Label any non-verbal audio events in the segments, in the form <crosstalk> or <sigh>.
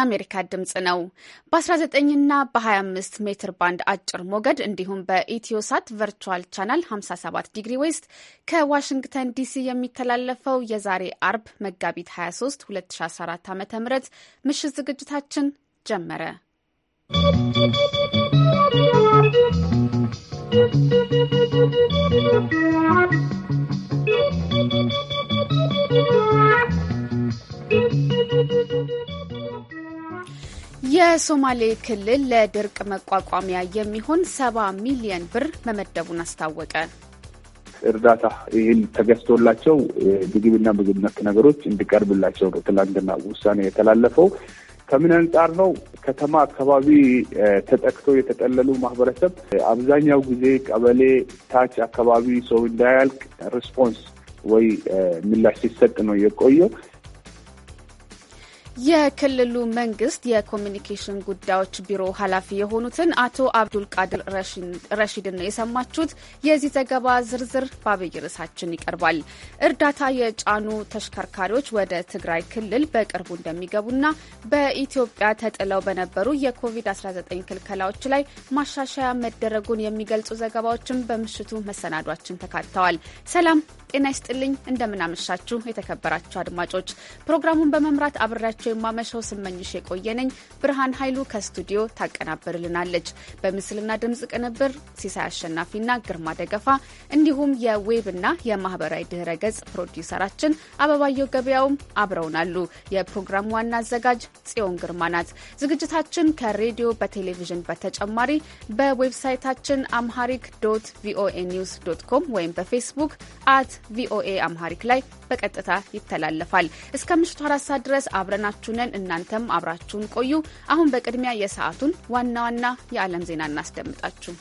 የአሜሪካ ድምፅ ነው። በ19ና በ25 ሜትር ባንድ አጭር ሞገድ እንዲሁም በኢትዮሳት ቨርቹዋል ቻናል 57 ዲግሪ ዌስት ከዋሽንግተን ዲሲ የሚተላለፈው የዛሬ አርብ መጋቢት 23 2014 ዓ.ም ምሽት ዝግጅታችን ጀመረ። ¶¶ የሶማሌ ክልል ለድርቅ መቋቋሚያ የሚሆን ሰባ ሚሊየን ብር መመደቡን አስታወቀ። እርዳታ ይህን ተገዝቶላቸው ምግብና ምግብ ነክ ነገሮች እንዲቀርብላቸው ነው ትላንትና ውሳኔ የተላለፈው። ከምን አንጻር ነው? ከተማ አካባቢ ተጠቅቶ የተጠለሉ ማህበረሰብ አብዛኛው ጊዜ ቀበሌ ታች አካባቢ ሰው እንዳያልቅ ሪስፖንስ ወይ ምላሽ ሲሰጥ ነው የቆየው። የክልሉ መንግስት የኮሚኒኬሽን ጉዳዮች ቢሮ ኃላፊ የሆኑትን አቶ አብዱል ቃድር ረሺድን ነው የሰማችሁት። የዚህ ዘገባ ዝርዝር በአብይ ርዕሳችን ይቀርባል። እርዳታ የጫኑ ተሽከርካሪዎች ወደ ትግራይ ክልል በቅርቡ እንደሚገቡና በኢትዮጵያ ተጥለው በነበሩ የኮቪድ-19 ክልከላዎች ላይ ማሻሻያ መደረጉን የሚገልጹ ዘገባዎችን በምሽቱ መሰናዷችን ተካተዋል። ሰላም ጤና ይስጥልኝ። እንደምናመሻችሁ የተከበራችሁ አድማጮች፣ ፕሮግራሙን በመምራት አብሬያቸው የማመሸው ስመኝሽ የቆየነኝ። ብርሃን ኃይሉ ከስቱዲዮ ታቀናበርልናለች። በምስልና ድምፅ ቅንብር ሲሳይ አሸናፊና ግርማ ደገፋ እንዲሁም የዌብና የማህበራዊ ድህረ ገጽ ፕሮዲውሰራችን አበባየው ገበያውም አብረውናሉ። የፕሮግራሙ ዋና አዘጋጅ ጽዮን ግርማ ናት። ዝግጅታችን ከሬዲዮ በቴሌቪዥን በተጨማሪ በዌብሳይታችን አምሃሪክ ዶት ቪኦኤ ኒውስ ዶት ኮም ወይም በፌስቡክ አት ቪኦኤ አምሃሪክ ላይ በቀጥታ ይተላለፋል። እስከ ምሽቱ አራት ሰዓት ድረስ አብረናችሁ ነን። እናንተም አብራችሁን ቆዩ። አሁን በቅድሚያ የሰዓቱን ዋና ዋና የዓለም ዜና እናስደምጣችሁ።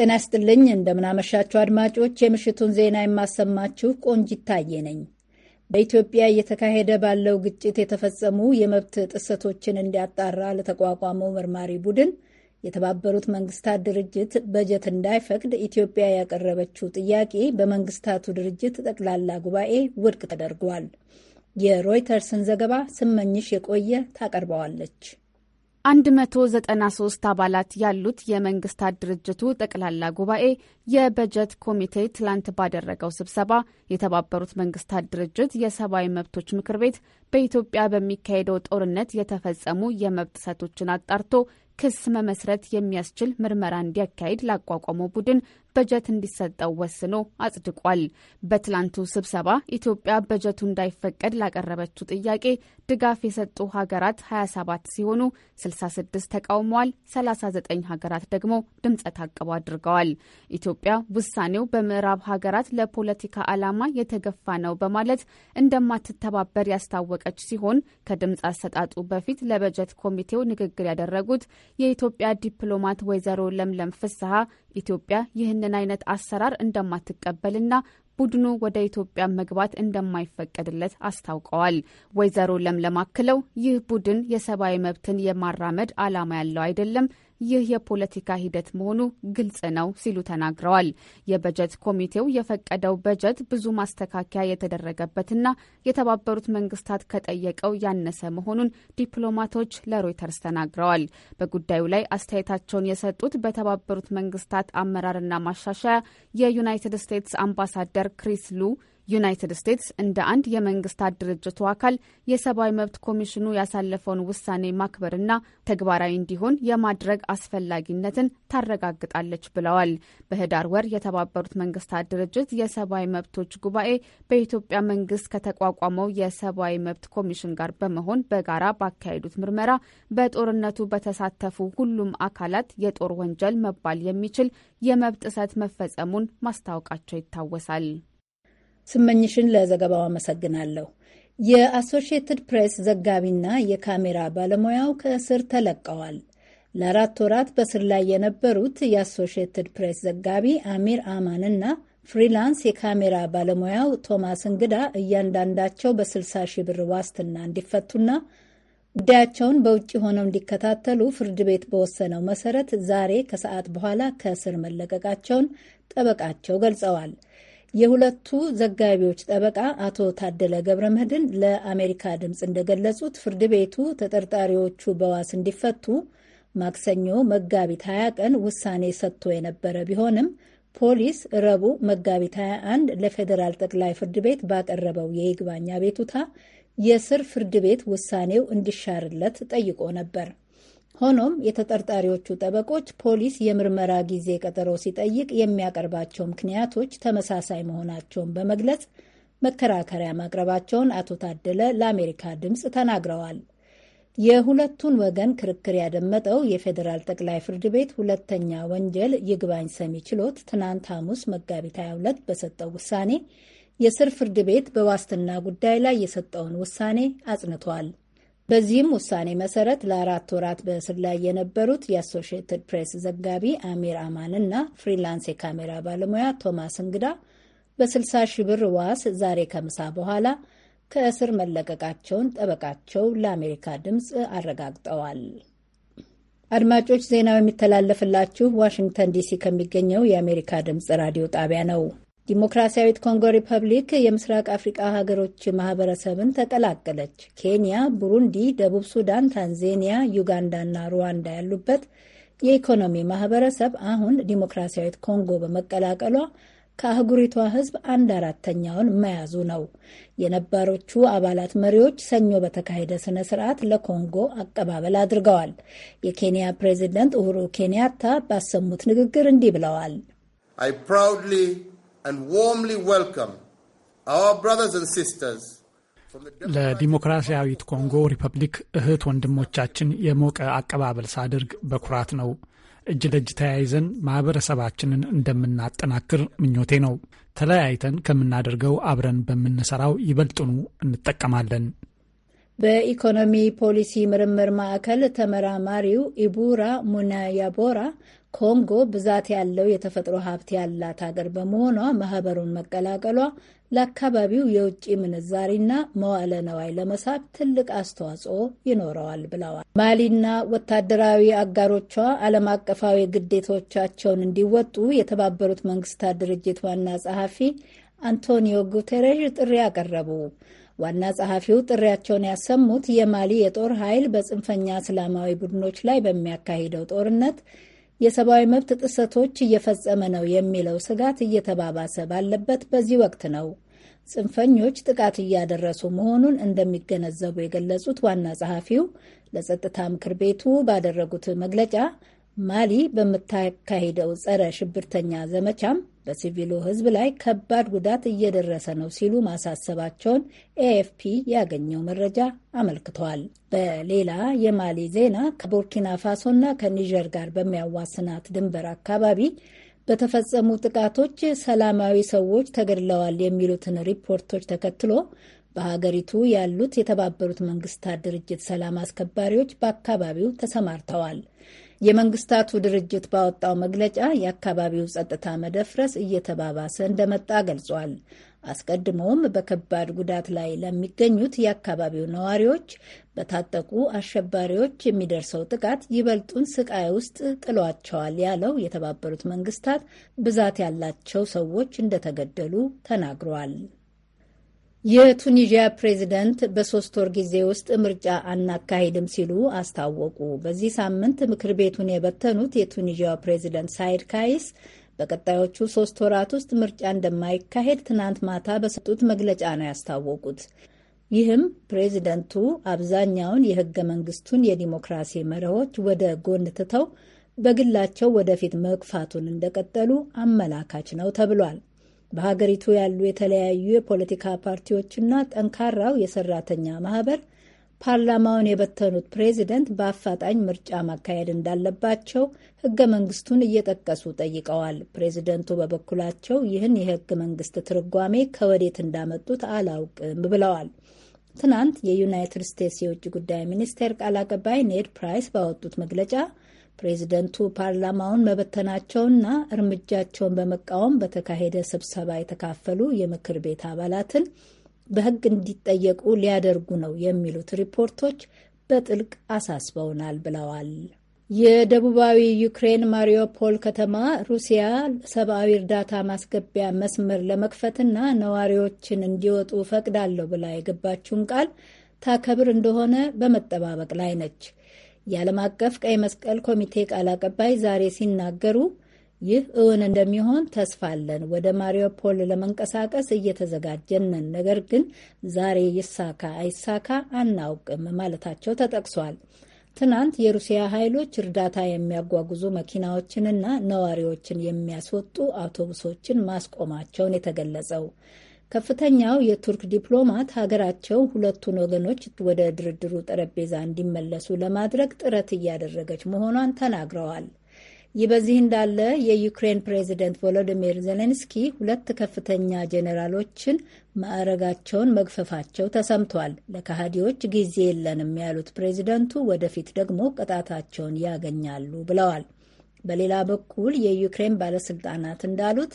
ጤና ይስጥልኝ። እንደምናመሻችሁ አድማጮች፣ የምሽቱን ዜና የማሰማችሁ ቆንጅ ይታየ ነኝ። በኢትዮጵያ እየተካሄደ ባለው ግጭት የተፈጸሙ የመብት ጥሰቶችን እንዲያጣራ ለተቋቋመው መርማሪ ቡድን የተባበሩት መንግስታት ድርጅት በጀት እንዳይፈቅድ ኢትዮጵያ ያቀረበችው ጥያቄ በመንግስታቱ ድርጅት ጠቅላላ ጉባኤ ውድቅ ተደርጓል። የሮይተርስን ዘገባ ስመኝሽ የቆየ ታቀርበዋለች። 193 አባላት ያሉት የመንግስታት ድርጅቱ ጠቅላላ ጉባኤ የበጀት ኮሚቴ ትላንት ባደረገው ስብሰባ የተባበሩት መንግስታት ድርጅት የሰብአዊ መብቶች ምክር ቤት በኢትዮጵያ በሚካሄደው ጦርነት የተፈጸሙ የመብት ጥሰቶችን አጣርቶ ክስ መመስረት የሚያስችል ምርመራ እንዲያካሂድ ላቋቋመው ቡድን በጀት እንዲሰጠው ወስኖ አጽድቋል። በትላንቱ ስብሰባ ኢትዮጵያ በጀቱ እንዳይፈቀድ ላቀረበችው ጥያቄ ድጋፍ የሰጡ ሀገራት 27 ሲሆኑ 66 ተቃውመዋል፣ 39 ሀገራት ደግሞ ድምፀ ታቅቦ አድርገዋል። ኢትዮጵያ ውሳኔው በምዕራብ ሀገራት ለፖለቲካ ዓላማ የተገፋ ነው በማለት እንደማትተባበር ያስታወቀች ሲሆን ከድምፅ አሰጣጡ በፊት ለበጀት ኮሚቴው ንግግር ያደረጉት የኢትዮጵያ ዲፕሎማት ወይዘሮ ለምለም ፍስሐ ኢትዮጵያ ይህንን አይነት አሰራር እንደማትቀበልና ቡድኑ ወደ ኢትዮጵያ መግባት እንደማይፈቀድለት አስታውቀዋል። ወይዘሮ ለምለም አክለው ይህ ቡድን የሰብአዊ መብትን የማራመድ ዓላማ ያለው አይደለም ይህ የፖለቲካ ሂደት መሆኑ ግልጽ ነው ሲሉ ተናግረዋል። የበጀት ኮሚቴው የፈቀደው በጀት ብዙ ማስተካከያ የተደረገበትና የተባበሩት መንግስታት ከጠየቀው ያነሰ መሆኑን ዲፕሎማቶች ለሮይተርስ ተናግረዋል። በጉዳዩ ላይ አስተያየታቸውን የሰጡት በተባበሩት መንግስታት አመራርና ማሻሻያ የዩናይትድ ስቴትስ አምባሳደር ክሪስ ሉ ዩናይትድ ስቴትስ እንደ አንድ የመንግስታት ድርጅቱ አካል የሰብአዊ መብት ኮሚሽኑ ያሳለፈውን ውሳኔ ማክበርና ተግባራዊ እንዲሆን የማድረግ አስፈላጊነትን ታረጋግጣለች ብለዋል። በህዳር ወር የተባበሩት መንግስታት ድርጅት የሰብአዊ መብቶች ጉባኤ በኢትዮጵያ መንግስት ከተቋቋመው የሰብአዊ መብት ኮሚሽን ጋር በመሆን በጋራ ባካሄዱት ምርመራ በጦርነቱ በተሳተፉ ሁሉም አካላት የጦር ወንጀል መባል የሚችል የመብት ጥሰት መፈጸሙን ማስታወቃቸው ይታወሳል። ስመኝሽን ለዘገባው አመሰግናለሁ። የአሶሽየትድ ፕሬስ ዘጋቢና የካሜራ ባለሙያው ከእስር ተለቀዋል። ለአራት ወራት በእስር ላይ የነበሩት የአሶሽየትድ ፕሬስ ዘጋቢ አሚር አማን እና ፍሪላንስ የካሜራ ባለሙያው ቶማስ እንግዳ እያንዳንዳቸው በ60 ሺህ ብር ዋስትና እንዲፈቱና ጉዳያቸውን በውጭ ሆነው እንዲከታተሉ ፍርድ ቤት በወሰነው መሰረት ዛሬ ከሰዓት በኋላ ከእስር መለቀቃቸውን ጠበቃቸው ገልጸዋል። የሁለቱ ዘጋቢዎች ጠበቃ አቶ ታደለ ገብረ መድን ለአሜሪካ ድምፅ እንደገለጹት ፍርድ ቤቱ ተጠርጣሪዎቹ በዋስ እንዲፈቱ ማክሰኞ መጋቢት 20 ቀን ውሳኔ ሰጥቶ የነበረ ቢሆንም ፖሊስ ረቡዕ መጋቢት 21 ለፌዴራል ጠቅላይ ፍርድ ቤት ባቀረበው የይግባኝ አቤቱታ የስር ፍርድ ቤት ውሳኔው እንዲሻርለት ጠይቆ ነበር። ሆኖም የተጠርጣሪዎቹ ጠበቆች ፖሊስ የምርመራ ጊዜ ቀጠሮ ሲጠይቅ የሚያቀርባቸው ምክንያቶች ተመሳሳይ መሆናቸውን በመግለጽ መከራከሪያ ማቅረባቸውን አቶ ታደለ ለአሜሪካ ድምፅ ተናግረዋል። የሁለቱን ወገን ክርክር ያደመጠው የፌዴራል ጠቅላይ ፍርድ ቤት ሁለተኛ ወንጀል ይግባኝ ሰሚ ችሎት ትናንት ሐሙስ መጋቢት 22 በሰጠው ውሳኔ የስር ፍርድ ቤት በዋስትና ጉዳይ ላይ የሰጠውን ውሳኔ አጽንቷል። በዚህም ውሳኔ መሰረት ለአራት ወራት በእስር ላይ የነበሩት የአሶሺየትድ ፕሬስ ዘጋቢ አሚር አማን እና ፍሪላንስ የካሜራ ባለሙያ ቶማስ እንግዳ በ60 ሺህ ብር ዋስ ዛሬ ከምሳ በኋላ ከእስር መለቀቃቸውን ጠበቃቸው ለአሜሪካ ድምፅ አረጋግጠዋል። አድማጮች ዜናው የሚተላለፍላችሁ ዋሽንግተን ዲሲ ከሚገኘው የአሜሪካ ድምፅ ራዲዮ ጣቢያ ነው። ዲሞክራሲያዊት ኮንጎ ሪፐብሊክ የምስራቅ አፍሪቃ ሀገሮች ማህበረሰብን ተቀላቀለች። ኬንያ፣ ቡሩንዲ፣ ደቡብ ሱዳን፣ ታንዜኒያ፣ ዩጋንዳና ሩዋንዳ ያሉበት የኢኮኖሚ ማህበረሰብ አሁን ዲሞክራሲያዊት ኮንጎ በመቀላቀሏ ከአህጉሪቷ ሕዝብ አንድ አራተኛውን መያዙ ነው። የነባሮቹ አባላት መሪዎች ሰኞ በተካሄደ ስነ ስርዓት ለኮንጎ አቀባበል አድርገዋል። የኬንያ ፕሬዚደንት ኡሁሩ ኬንያታ ባሰሙት ንግግር እንዲህ ብለዋል። I proudly ለዲሞክራሲያዊት ኮንጎ ሪፐብሊክ እህት ወንድሞቻችን የሞቀ አቀባበል ሳደርግ በኩራት ነው። እጅ ለእጅ ተያይዘን ማህበረሰባችንን እንደምናጠናክር ምኞቴ ነው። ተለያይተን ከምናደርገው አብረን በምንሰራው ይበልጥኑ እንጠቀማለን። በኢኮኖሚ ፖሊሲ ምርምር ማዕከል ተመራማሪው ኢቡራ ሙናያቦራ ኮንጎ ብዛት ያለው የተፈጥሮ ሀብት ያላት ሀገር በመሆኗ ማህበሩን መቀላቀሏ ለአካባቢው የውጭ ምንዛሪና መዋለ ነዋይ ለመሳብ ትልቅ አስተዋጽኦ ይኖረዋል ብለዋል። ማሊና ወታደራዊ አጋሮቿ ዓለም አቀፋዊ ግዴቶቻቸውን እንዲወጡ የተባበሩት መንግስታት ድርጅት ዋና ጸሐፊ አንቶኒዮ ጉተሬዥ ጥሪ አቀረቡ። ዋና ጸሐፊው ጥሪያቸውን ያሰሙት የማሊ የጦር ኃይል በጽንፈኛ እስላማዊ ቡድኖች ላይ በሚያካሂደው ጦርነት የሰብአዊ መብት ጥሰቶች እየፈጸመ ነው የሚለው ስጋት እየተባባሰ ባለበት በዚህ ወቅት ነው ጽንፈኞች ጥቃት እያደረሱ መሆኑን እንደሚገነዘቡ የገለጹት ዋና ጸሐፊው ለጸጥታ ምክር ቤቱ ባደረጉት መግለጫ ማሊ በምታካሄደው ጸረ ሽብርተኛ ዘመቻም በሲቪሉ ሕዝብ ላይ ከባድ ጉዳት እየደረሰ ነው ሲሉ ማሳሰባቸውን ኤኤፍፒ ያገኘው መረጃ አመልክቷል። በሌላ የማሊ ዜና ከቡርኪና ፋሶ እና ከኒጀር ጋር በሚያዋስናት ድንበር አካባቢ በተፈጸሙ ጥቃቶች ሰላማዊ ሰዎች ተገድለዋል የሚሉትን ሪፖርቶች ተከትሎ በሀገሪቱ ያሉት የተባበሩት መንግስታት ድርጅት ሰላም አስከባሪዎች በአካባቢው ተሰማርተዋል። የመንግስታቱ ድርጅት ባወጣው መግለጫ የአካባቢው ጸጥታ መደፍረስ እየተባባሰ እንደመጣ ገልጿል። አስቀድሞውም በከባድ ጉዳት ላይ ለሚገኙት የአካባቢው ነዋሪዎች በታጠቁ አሸባሪዎች የሚደርሰው ጥቃት ይበልጡን ስቃይ ውስጥ ጥሏቸዋል ያለው የተባበሩት መንግስታት ብዛት ያላቸው ሰዎች እንደተገደሉ ተናግሯል። የቱኒዥያ ፕሬዚደንት በሶስት ወር ጊዜ ውስጥ ምርጫ አናካሂድም ሲሉ አስታወቁ። በዚህ ሳምንት ምክር ቤቱን የበተኑት የቱኒዥያ ፕሬዚደንት ሳይድ ካይስ በቀጣዮቹ ሶስት ወራት ውስጥ ምርጫ እንደማይካሄድ ትናንት ማታ በሰጡት መግለጫ ነው ያስታወቁት። ይህም ፕሬዚደንቱ አብዛኛውን የህገ መንግስቱን የዲሞክራሲ መርሆች ወደ ጎን ትተው በግላቸው ወደፊት መግፋቱን እንደቀጠሉ አመላካች ነው ተብሏል። በሀገሪቱ ያሉ የተለያዩ የፖለቲካ ፓርቲዎችና ጠንካራው የሰራተኛ ማህበር ፓርላማውን የበተኑት ፕሬዚደንት በአፋጣኝ ምርጫ ማካሄድ እንዳለባቸው ህገ መንግስቱን እየጠቀሱ ጠይቀዋል። ፕሬዚደንቱ በበኩላቸው ይህን የህገ መንግስት ትርጓሜ ከወዴት እንዳመጡት አላውቅም ብለዋል። ትናንት የዩናይትድ ስቴትስ የውጭ ጉዳይ ሚኒስቴር ቃል አቀባይ ኔድ ፕራይስ ባወጡት መግለጫ ፕሬዚደንቱ ፓርላማውን መበተናቸውና እርምጃቸውን በመቃወም በተካሄደ ስብሰባ የተካፈሉ የምክር ቤት አባላትን በሕግ እንዲጠየቁ ሊያደርጉ ነው የሚሉት ሪፖርቶች በጥልቅ አሳስበውናል ብለዋል። የደቡባዊ ዩክሬን ማሪዮፖል ከተማ ሩሲያ ሰብአዊ እርዳታ ማስገቢያ መስመር ለመክፈትና ነዋሪዎችን እንዲወጡ ፈቅዳለሁ ብላ የገባችውን ቃል ታከብር እንደሆነ በመጠባበቅ ላይ ነች። የዓለም አቀፍ ቀይ መስቀል ኮሚቴ ቃል አቀባይ ዛሬ ሲናገሩ ይህ እውን እንደሚሆን ተስፋ አለን። ወደ ማሪዮፖል ለመንቀሳቀስ እየተዘጋጀን ነን። ነገር ግን ዛሬ ይሳካ አይሳካ አናውቅም ማለታቸው ተጠቅሷል። ትናንት የሩሲያ ኃይሎች እርዳታ የሚያጓጉዙ መኪናዎችንና ነዋሪዎችን የሚያስወጡ አውቶቡሶችን ማስቆማቸውን የተገለጸው ከፍተኛው የቱርክ ዲፕሎማት ሀገራቸው ሁለቱን ወገኖች ወደ ድርድሩ ጠረጴዛ እንዲመለሱ ለማድረግ ጥረት እያደረገች መሆኗን ተናግረዋል። ይህ በዚህ እንዳለ የዩክሬን ፕሬዚደንት ቮሎዲሚር ዜሌንስኪ ሁለት ከፍተኛ ጄኔራሎችን ማዕረጋቸውን መግፈፋቸው ተሰምቷል። ለካሃዲዎች ጊዜ የለንም ያሉት ፕሬዚደንቱ ወደፊት ደግሞ ቅጣታቸውን ያገኛሉ ብለዋል። በሌላ በኩል የዩክሬን ባለስልጣናት እንዳሉት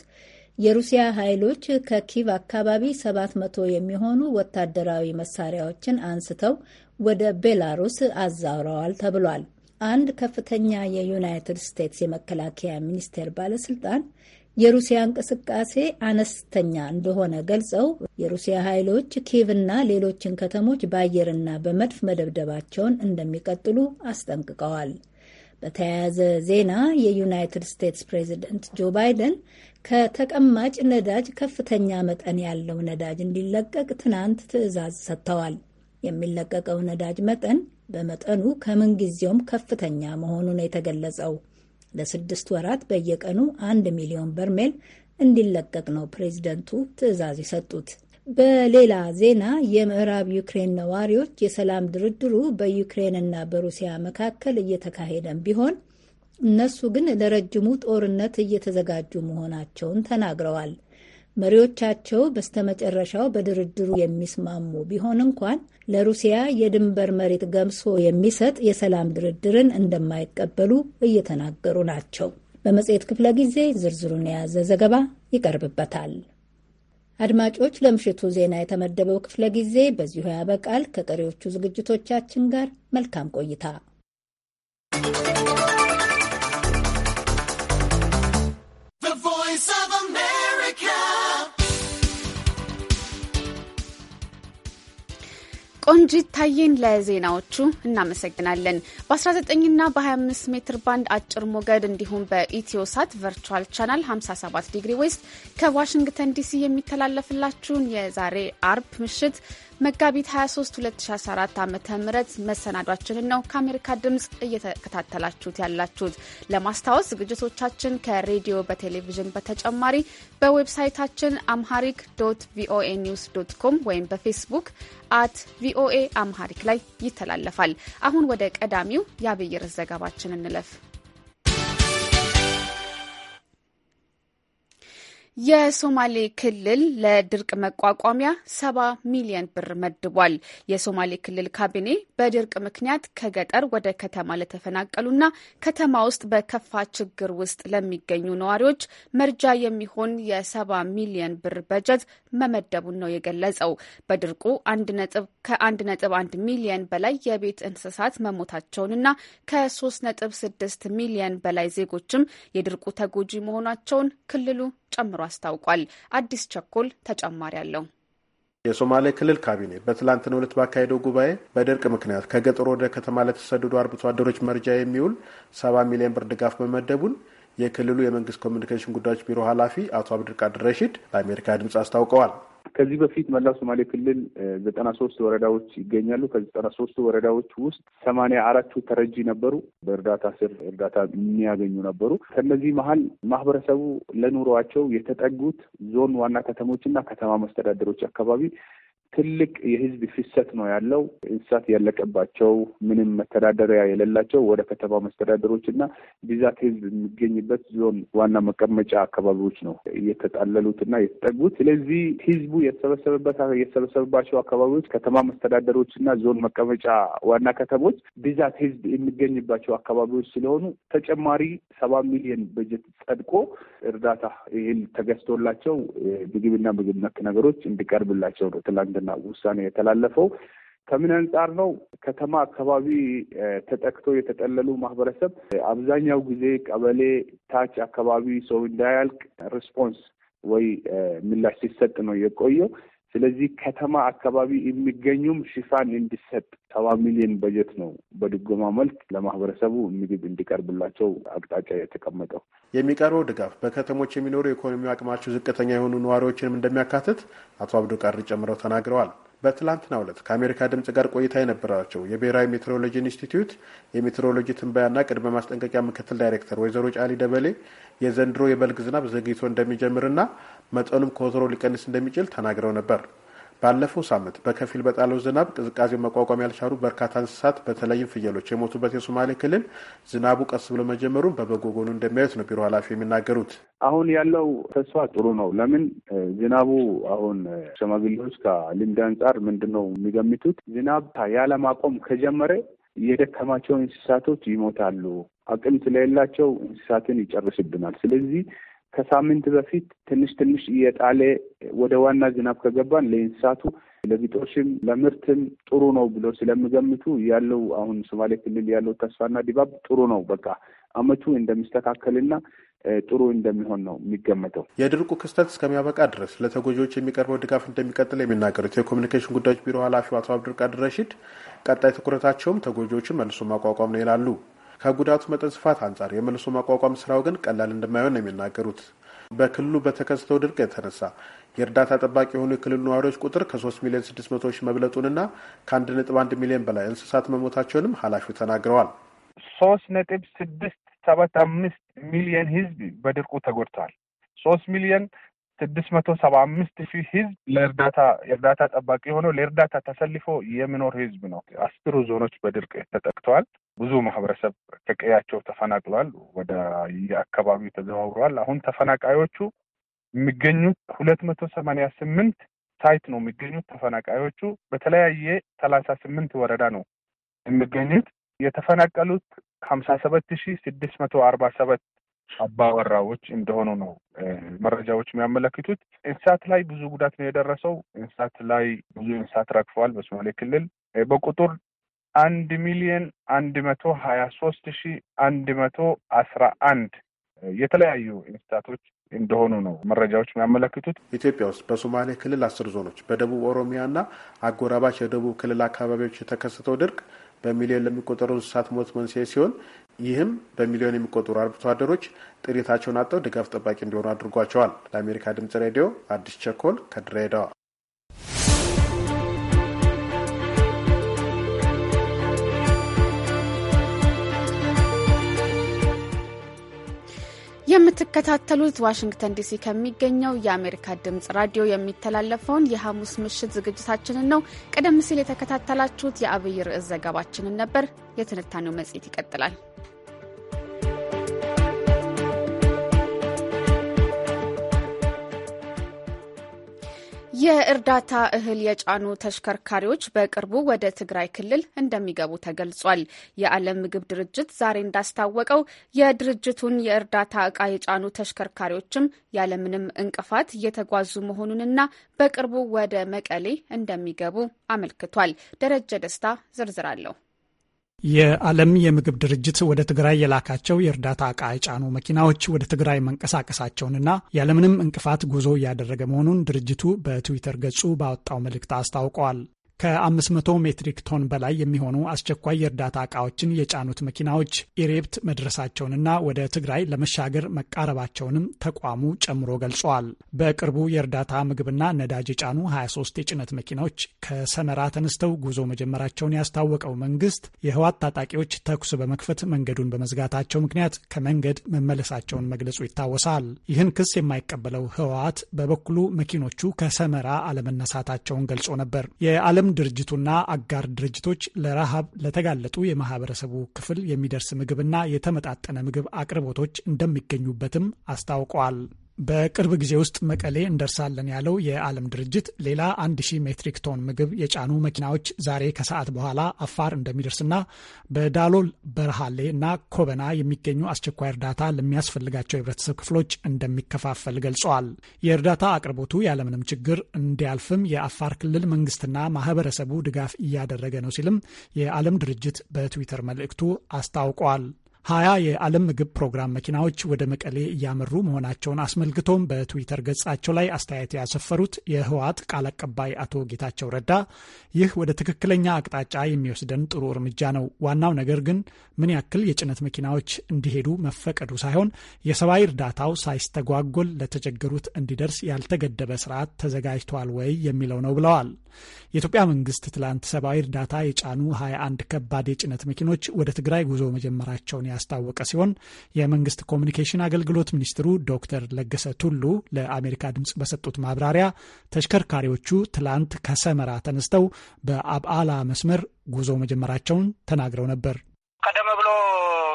የሩሲያ ኃይሎች ከኪቭ አካባቢ 700 የሚሆኑ ወታደራዊ መሳሪያዎችን አንስተው ወደ ቤላሩስ አዛውረዋል ተብሏል። አንድ ከፍተኛ የዩናይትድ ስቴትስ የመከላከያ ሚኒስቴር ባለስልጣን የሩሲያ እንቅስቃሴ አነስተኛ እንደሆነ ገልጸው የሩሲያ ኃይሎች ኪቭና ሌሎችን ከተሞች በአየርና በመድፍ መደብደባቸውን እንደሚቀጥሉ አስጠንቅቀዋል። በተያያዘ ዜና የዩናይትድ ስቴትስ ፕሬዚደንት ጆ ባይደን ከተቀማጭ ነዳጅ ከፍተኛ መጠን ያለው ነዳጅ እንዲለቀቅ ትናንት ትዕዛዝ ሰጥተዋል። የሚለቀቀው ነዳጅ መጠን በመጠኑ ከምንጊዜውም ከፍተኛ መሆኑ ነው የተገለጸው። ለስድስት ወራት በየቀኑ አንድ ሚሊዮን በርሜል እንዲለቀቅ ነው ፕሬዚደንቱ ትዕዛዝ የሰጡት። በሌላ ዜና የምዕራብ ዩክሬን ነዋሪዎች የሰላም ድርድሩ በዩክሬንና በሩሲያ መካከል እየተካሄደም ቢሆን እነሱ ግን ለረጅሙ ጦርነት እየተዘጋጁ መሆናቸውን ተናግረዋል። መሪዎቻቸው በስተመጨረሻው በድርድሩ የሚስማሙ ቢሆን እንኳን ለሩሲያ የድንበር መሬት ገምሶ የሚሰጥ የሰላም ድርድርን እንደማይቀበሉ እየተናገሩ ናቸው። በመጽሔት ክፍለ ጊዜ ዝርዝሩን የያዘ ዘገባ ይቀርብበታል። አድማጮች፣ ለምሽቱ ዜና የተመደበው ክፍለ ጊዜ በዚሁ ያበቃል። ከቀሪዎቹ ዝግጅቶቻችን ጋር መልካም ቆይታ ቆንጂት ታዬን ለዜናዎቹ እናመሰግናለን። በ19ና በ25 ሜትር ባንድ አጭር ሞገድ እንዲሁም በኢትዮሳት ቨርቹዋል ቻናል 57 ዲግሪ ዌስት ከዋሽንግተን ዲሲ የሚተላለፍላችሁን የዛሬ አርብ ምሽት መጋቢት 23 2014 ዓ ም መሰናዷችንን ነው ከአሜሪካ ድምፅ እየተከታተላችሁት ያላችሁት። ለማስታወስ ዝግጅቶቻችን ከሬዲዮ በቴሌቪዥን በተጨማሪ በዌብሳይታችን አምሃሪክ ዶት ቪኦኤ ኒውስ ዶት ኮም ወይም በፌስቡክ አት ቪኦኤ አምሃሪክ ላይ ይተላለፋል። አሁን ወደ ቀዳሚው የአብይር ዘገባችን እንለፍ። የሶማሌ ክልል ለድርቅ መቋቋሚያ ሰባ ሚሊዮን ብር መድቧል። የሶማሌ ክልል ካቢኔ በድርቅ ምክንያት ከገጠር ወደ ከተማ ለተፈናቀሉና ከተማ ውስጥ በከፋ ችግር ውስጥ ለሚገኙ ነዋሪዎች መርጃ የሚሆን የሰባ ሚሊዮን ብር በጀት መመደቡን ነው የገለጸው። በድርቁ ከአንድ ነጥብ አንድ ሚሊየን በላይ የቤት እንስሳት መሞታቸውንና ከሶስት ነጥብ ስድስት ሚሊዮን በላይ ዜጎችም የድርቁ ተጎጂ መሆናቸውን ክልሉ ጨምሮ አስታውቋል። አዲስ ቸኮል ተጨማሪ አለው። የሶማሌ ክልል ካቢኔ በትላንትናው ዕለት ባካሄደው ጉባኤ በድርቅ ምክንያት ከገጠሩ ወደ ከተማ ለተሰደዱ አርብቶ አደሮች መርጃ የሚውል ሰባ ሚሊዮን ብር ድጋፍ መመደቡን የክልሉ የመንግስት ኮሚኒኬሽን ጉዳዮች ቢሮ ኃላፊ አቶ አብድርቃድር ረሺድ ለአሜሪካ ድምፅ አስታውቀዋል። ከዚህ በፊት መላው ሶማሌ ክልል ዘጠና ሶስት ወረዳዎች ይገኛሉ። ከዘጠና ሶስቱ ወረዳዎች ውስጥ ሰማንያ አራቱ ተረጂ ነበሩ፣ በእርዳታ ስር እርዳታ የሚያገኙ ነበሩ። ከነዚህ መሀል ማህበረሰቡ ለኑሯቸው የተጠጉት ዞን ዋና ከተሞችና ከተማ መስተዳደሮች አካባቢ ትልቅ የህዝብ ፍሰት ነው ያለው። እንስሳት ያለቀባቸው ምንም መተዳደሪያ የሌላቸው ወደ ከተማ መስተዳደሮች እና ብዛት ህዝብ የሚገኝበት ዞን ዋና መቀመጫ አካባቢዎች ነው እየተጣለሉት እና የተጠጉት። ስለዚህ ህዝቡ የተሰበሰበበት የተሰበሰበባቸው አካባቢዎች ከተማ መስተዳደሮች እና ዞን መቀመጫ ዋና ከተሞች ብዛት ህዝብ የሚገኝባቸው አካባቢዎች ስለሆኑ ተጨማሪ ሰባ ሚሊዮን በጀት ጸድቆ እርዳታ ይህል ተገዝቶላቸው ምግብና ምግብ ነክ ነገሮች እንዲቀርብላቸው ነው ትላንት ትናንትና ውሳኔ የተላለፈው ከምን አንጻር ነው? ከተማ አካባቢ ተጠቅቶ የተጠለሉ ማህበረሰብ አብዛኛው ጊዜ ቀበሌ ታች አካባቢ ሰው እንዳያልቅ ሪስፖንስ ወይ ምላሽ ሲሰጥ ነው የቆየው። ስለዚህ ከተማ አካባቢ የሚገኙም ሽፋን እንዲሰጥ ሰባ ሚሊዮን በጀት ነው በድጎማ መልክ ለማህበረሰቡ ምግብ እንዲቀርብላቸው አቅጣጫ የተቀመጠው። የሚቀርበው ድጋፍ በከተሞች የሚኖሩ የኢኮኖሚ አቅማቸው ዝቅተኛ የሆኑ ነዋሪዎችንም እንደሚያካትት አቶ አብዶ ቃሪ ጨምረው ተናግረዋል። በትላንትናው ዕለት ከአሜሪካ ድምጽ ጋር ቆይታ የነበራቸው የብሔራዊ ሜትሮሎጂ ኢንስቲትዩት የሜትሮሎጂ ትንበያና ቅድመ ማስጠንቀቂያ ምክትል ዳይሬክተር ወይዘሮ ጫሊ ደበሌ የዘንድሮ የበልግ ዝናብ ዘግይቶ እንደሚጀምርና መጠኑም ከወትሮ ሊቀንስ እንደሚችል ተናግረው ነበር። ባለፈው ሳምንት በከፊል በጣለው ዝናብ ቅዝቃዜ መቋቋም ያልቻሉ በርካታ እንስሳት በተለይም ፍየሎች የሞቱበት የሶማሌ ክልል ዝናቡ ቀስ ብሎ መጀመሩን በበጎ ጎኑ እንደሚያዩት ነው ቢሮ ኃላፊ የሚናገሩት። አሁን ያለው ተስፋ ጥሩ ነው። ለምን ዝናቡ አሁን ሸማግሌዎች ከልምድ አንጻር ምንድን ነው የሚገምቱት? ዝናብ ያለማቆም ከጀመረ የደከማቸው እንስሳቶች ይሞታሉ። አቅም ስለሌላቸው እንስሳትን ይጨርስብናል። ስለዚህ ከሳምንት በፊት ትንሽ ትንሽ እየጣለ ወደ ዋና ዝናብ ከገባን ለእንስሳቱ ለግጦሽም ለምርትም ጥሩ ነው ብሎ ስለሚገምቱ ያለው አሁን ሶማሌ ክልል ያለው ተስፋና ድባብ ጥሩ ነው። በቃ አመቱ እንደሚስተካከልና ጥሩ እንደሚሆን ነው የሚገመተው። የድርቁ ክስተት እስከሚያበቃ ድረስ ለተጎጂዎች የሚቀርበው ድጋፍ እንደሚቀጥል የሚናገሩት የኮሚኒኬሽን ጉዳዮች ቢሮ ኃላፊው አቶ አብዱልቃድር ረሺድ ቀጣይ ትኩረታቸውም ተጎጂዎችን መልሶ ማቋቋም ነው ይላሉ። ከጉዳቱ መጠን ስፋት አንጻር የመልሶ ማቋቋም ስራው ግን ቀላል እንደማይሆን ነው የሚናገሩት። በክልሉ በተከሰተው ድርቅ የተነሳ የእርዳታ ጠባቂ የሆኑ የክልሉ ነዋሪዎች ቁጥር ከ3 ሚሊዮን 600 ሺህ መብለጡንና ከ1.1 ሚሊዮን በላይ እንስሳት መሞታቸውንም ኃላፊው ተናግረዋል። ሶስት ነጥብ ስድስት ሰባት አምስት ሚሊዮን ህዝብ በድርቁ ተጎድተዋል። ሶስት ሚሊዮን ስድስት መቶ ሰባ አምስት ሺህ ህዝብ ለእርዳታ የእርዳታ ጠባቂ የሆነው ለእርዳታ ተሰልፎ የሚኖር ህዝብ ነው። አስሩ ዞኖች በድርቅ ተጠቅተዋል። ብዙ ማህበረሰብ ከቀያቸው ተፈናቅሏል፣ ወደ የአካባቢው ተዘዋውረዋል። አሁን ተፈናቃዮቹ የሚገኙት ሁለት መቶ ሰማኒያ ስምንት ሳይት ነው የሚገኙት። ተፈናቃዮቹ በተለያየ ሰላሳ ስምንት ወረዳ ነው የሚገኙት። የተፈናቀሉት ሀምሳ ሰባት ሺ ስድስት መቶ አርባ ሰባት አባወራዎች እንደሆኑ ነው መረጃዎች የሚያመለክቱት። እንስሳት ላይ ብዙ ጉዳት ነው የደረሰው። እንስሳት ላይ ብዙ እንስሳት ረግፈዋል። በሶማሌ ክልል በቁጥር አንድ ሚሊዮን አንድ መቶ ሀያ ሶስት ሺ አንድ መቶ አስራ አንድ የተለያዩ እንስሳቶች እንደሆኑ ነው መረጃዎች የሚያመለክቱት። ኢትዮጵያ ውስጥ በሶማሌ ክልል አስር ዞኖች በደቡብ ኦሮሚያና አጎራባች የደቡብ ክልል አካባቢዎች የተከሰተው ድርቅ በሚሊዮን ለሚቆጠሩ እንስሳት ሞት መንስኤ ሲሆን ይህም በሚሊዮን የሚቆጠሩ አርብቶ አደሮች ጥሪታቸውን አጥተው ድጋፍ ጠባቂ እንዲሆኑ አድርጓቸዋል። ለአሜሪካ ድምጽ ሬዲዮ አዲስ ቸኮል ከድሬዳዋ የምትከታተሉት ዋሽንግተን ዲሲ ከሚገኘው የአሜሪካ ድምጽ ራዲዮ የሚተላለፈውን የሐሙስ ምሽት ዝግጅታችንን ነው። ቀደም ሲል የተከታተላችሁት የአብይ ርዕስ ዘገባችንን ነበር። የትንታኔው መጽሔት ይቀጥላል። የእርዳታ እህል የጫኑ ተሽከርካሪዎች በቅርቡ ወደ ትግራይ ክልል እንደሚገቡ ተገልጿል። የዓለም ምግብ ድርጅት ዛሬ እንዳስታወቀው የድርጅቱን የእርዳታ እቃ የጫኑ ተሽከርካሪዎችም ያለምንም እንቅፋት እየተጓዙ መሆኑንና በቅርቡ ወደ መቀሌ እንደሚገቡ አመልክቷል። ደረጀ ደስታ ዝርዝር አለው። የዓለም የምግብ ድርጅት ወደ ትግራይ የላካቸው የእርዳታ ዕቃ የጫኑ መኪናዎች ወደ ትግራይ መንቀሳቀሳቸውንና ያለምንም እንቅፋት ጉዞ እያደረገ መሆኑን ድርጅቱ በትዊተር ገጹ ባወጣው መልእክት አስታውቀዋል። ከ500 ሜትሪክ ቶን በላይ የሚሆኑ አስቸኳይ የእርዳታ እቃዎችን የጫኑት መኪናዎች ኢሬብት መድረሳቸውንና ወደ ትግራይ ለመሻገር መቃረባቸውንም ተቋሙ ጨምሮ ገልጿል። በቅርቡ የእርዳታ ምግብና ነዳጅ የጫኑ 23 የጭነት መኪናዎች ከሰመራ ተነስተው ጉዞ መጀመራቸውን ያስታወቀው መንግስት የህዋት ታጣቂዎች ተኩስ በመክፈት መንገዱን በመዝጋታቸው ምክንያት ከመንገድ መመለሳቸውን መግለጹ ይታወሳል። ይህን ክስ የማይቀበለው ህወሓት በበኩሉ መኪኖቹ ከሰመራ አለመነሳታቸውን ገልጾ ነበር። የዓለም ድርጅቱና አጋር ድርጅቶች ለረሃብ ለተጋለጡ የማህበረሰቡ ክፍል የሚደርስ ምግብና የተመጣጠነ ምግብ አቅርቦቶች እንደሚገኙበትም አስታውቀዋል። በቅርብ ጊዜ ውስጥ መቀሌ እንደርሳለን ያለው የዓለም ድርጅት ሌላ 1000 ሜትሪክ ቶን ምግብ የጫኑ መኪናዎች ዛሬ ከሰዓት በኋላ አፋር እንደሚደርስና በዳሎል በረሃሌ እና ኮበና የሚገኙ አስቸኳይ እርዳታ ለሚያስፈልጋቸው የህብረተሰብ ክፍሎች እንደሚከፋፈል ገልጸዋል። የእርዳታ አቅርቦቱ ያለምንም ችግር እንዲያልፍም የአፋር ክልል መንግስትና ማህበረሰቡ ድጋፍ እያደረገ ነው ሲልም የዓለም ድርጅት በትዊተር መልእክቱ አስታውቋል። ሀያ የዓለም ምግብ ፕሮግራም መኪናዎች ወደ መቀሌ እያመሩ መሆናቸውን አስመልክቶም በትዊተር ገጻቸው ላይ አስተያየት ያሰፈሩት የህወሓት ቃል አቀባይ አቶ ጌታቸው ረዳ ይህ ወደ ትክክለኛ አቅጣጫ የሚወስደን ጥሩ እርምጃ ነው። ዋናው ነገር ግን ምን ያክል የጭነት መኪናዎች እንዲሄዱ መፈቀዱ ሳይሆን የሰብአዊ እርዳታው ሳይስተጓጎል ለተቸገሩት እንዲደርስ ያልተገደበ ስርዓት ተዘጋጅቷል ወይ የሚለው ነው ብለዋል። የኢትዮጵያ መንግስት ትላንት ሰብአዊ እርዳታ የጫኑ 21 ከባድ የጭነት መኪኖች ወደ ትግራይ ጉዞ መጀመራቸውን ያስታወቀ ሲሆን የመንግስት ኮሚኒኬሽን አገልግሎት ሚኒስትሩ ዶክተር ለገሰ ቱሉ ለአሜሪካ ድምፅ በሰጡት ማብራሪያ ተሽከርካሪዎቹ ትላንት ከሰመራ ተነስተው በአብዓላ መስመር ጉዞ መጀመራቸውን ተናግረው ነበር። ቀደም ብሎ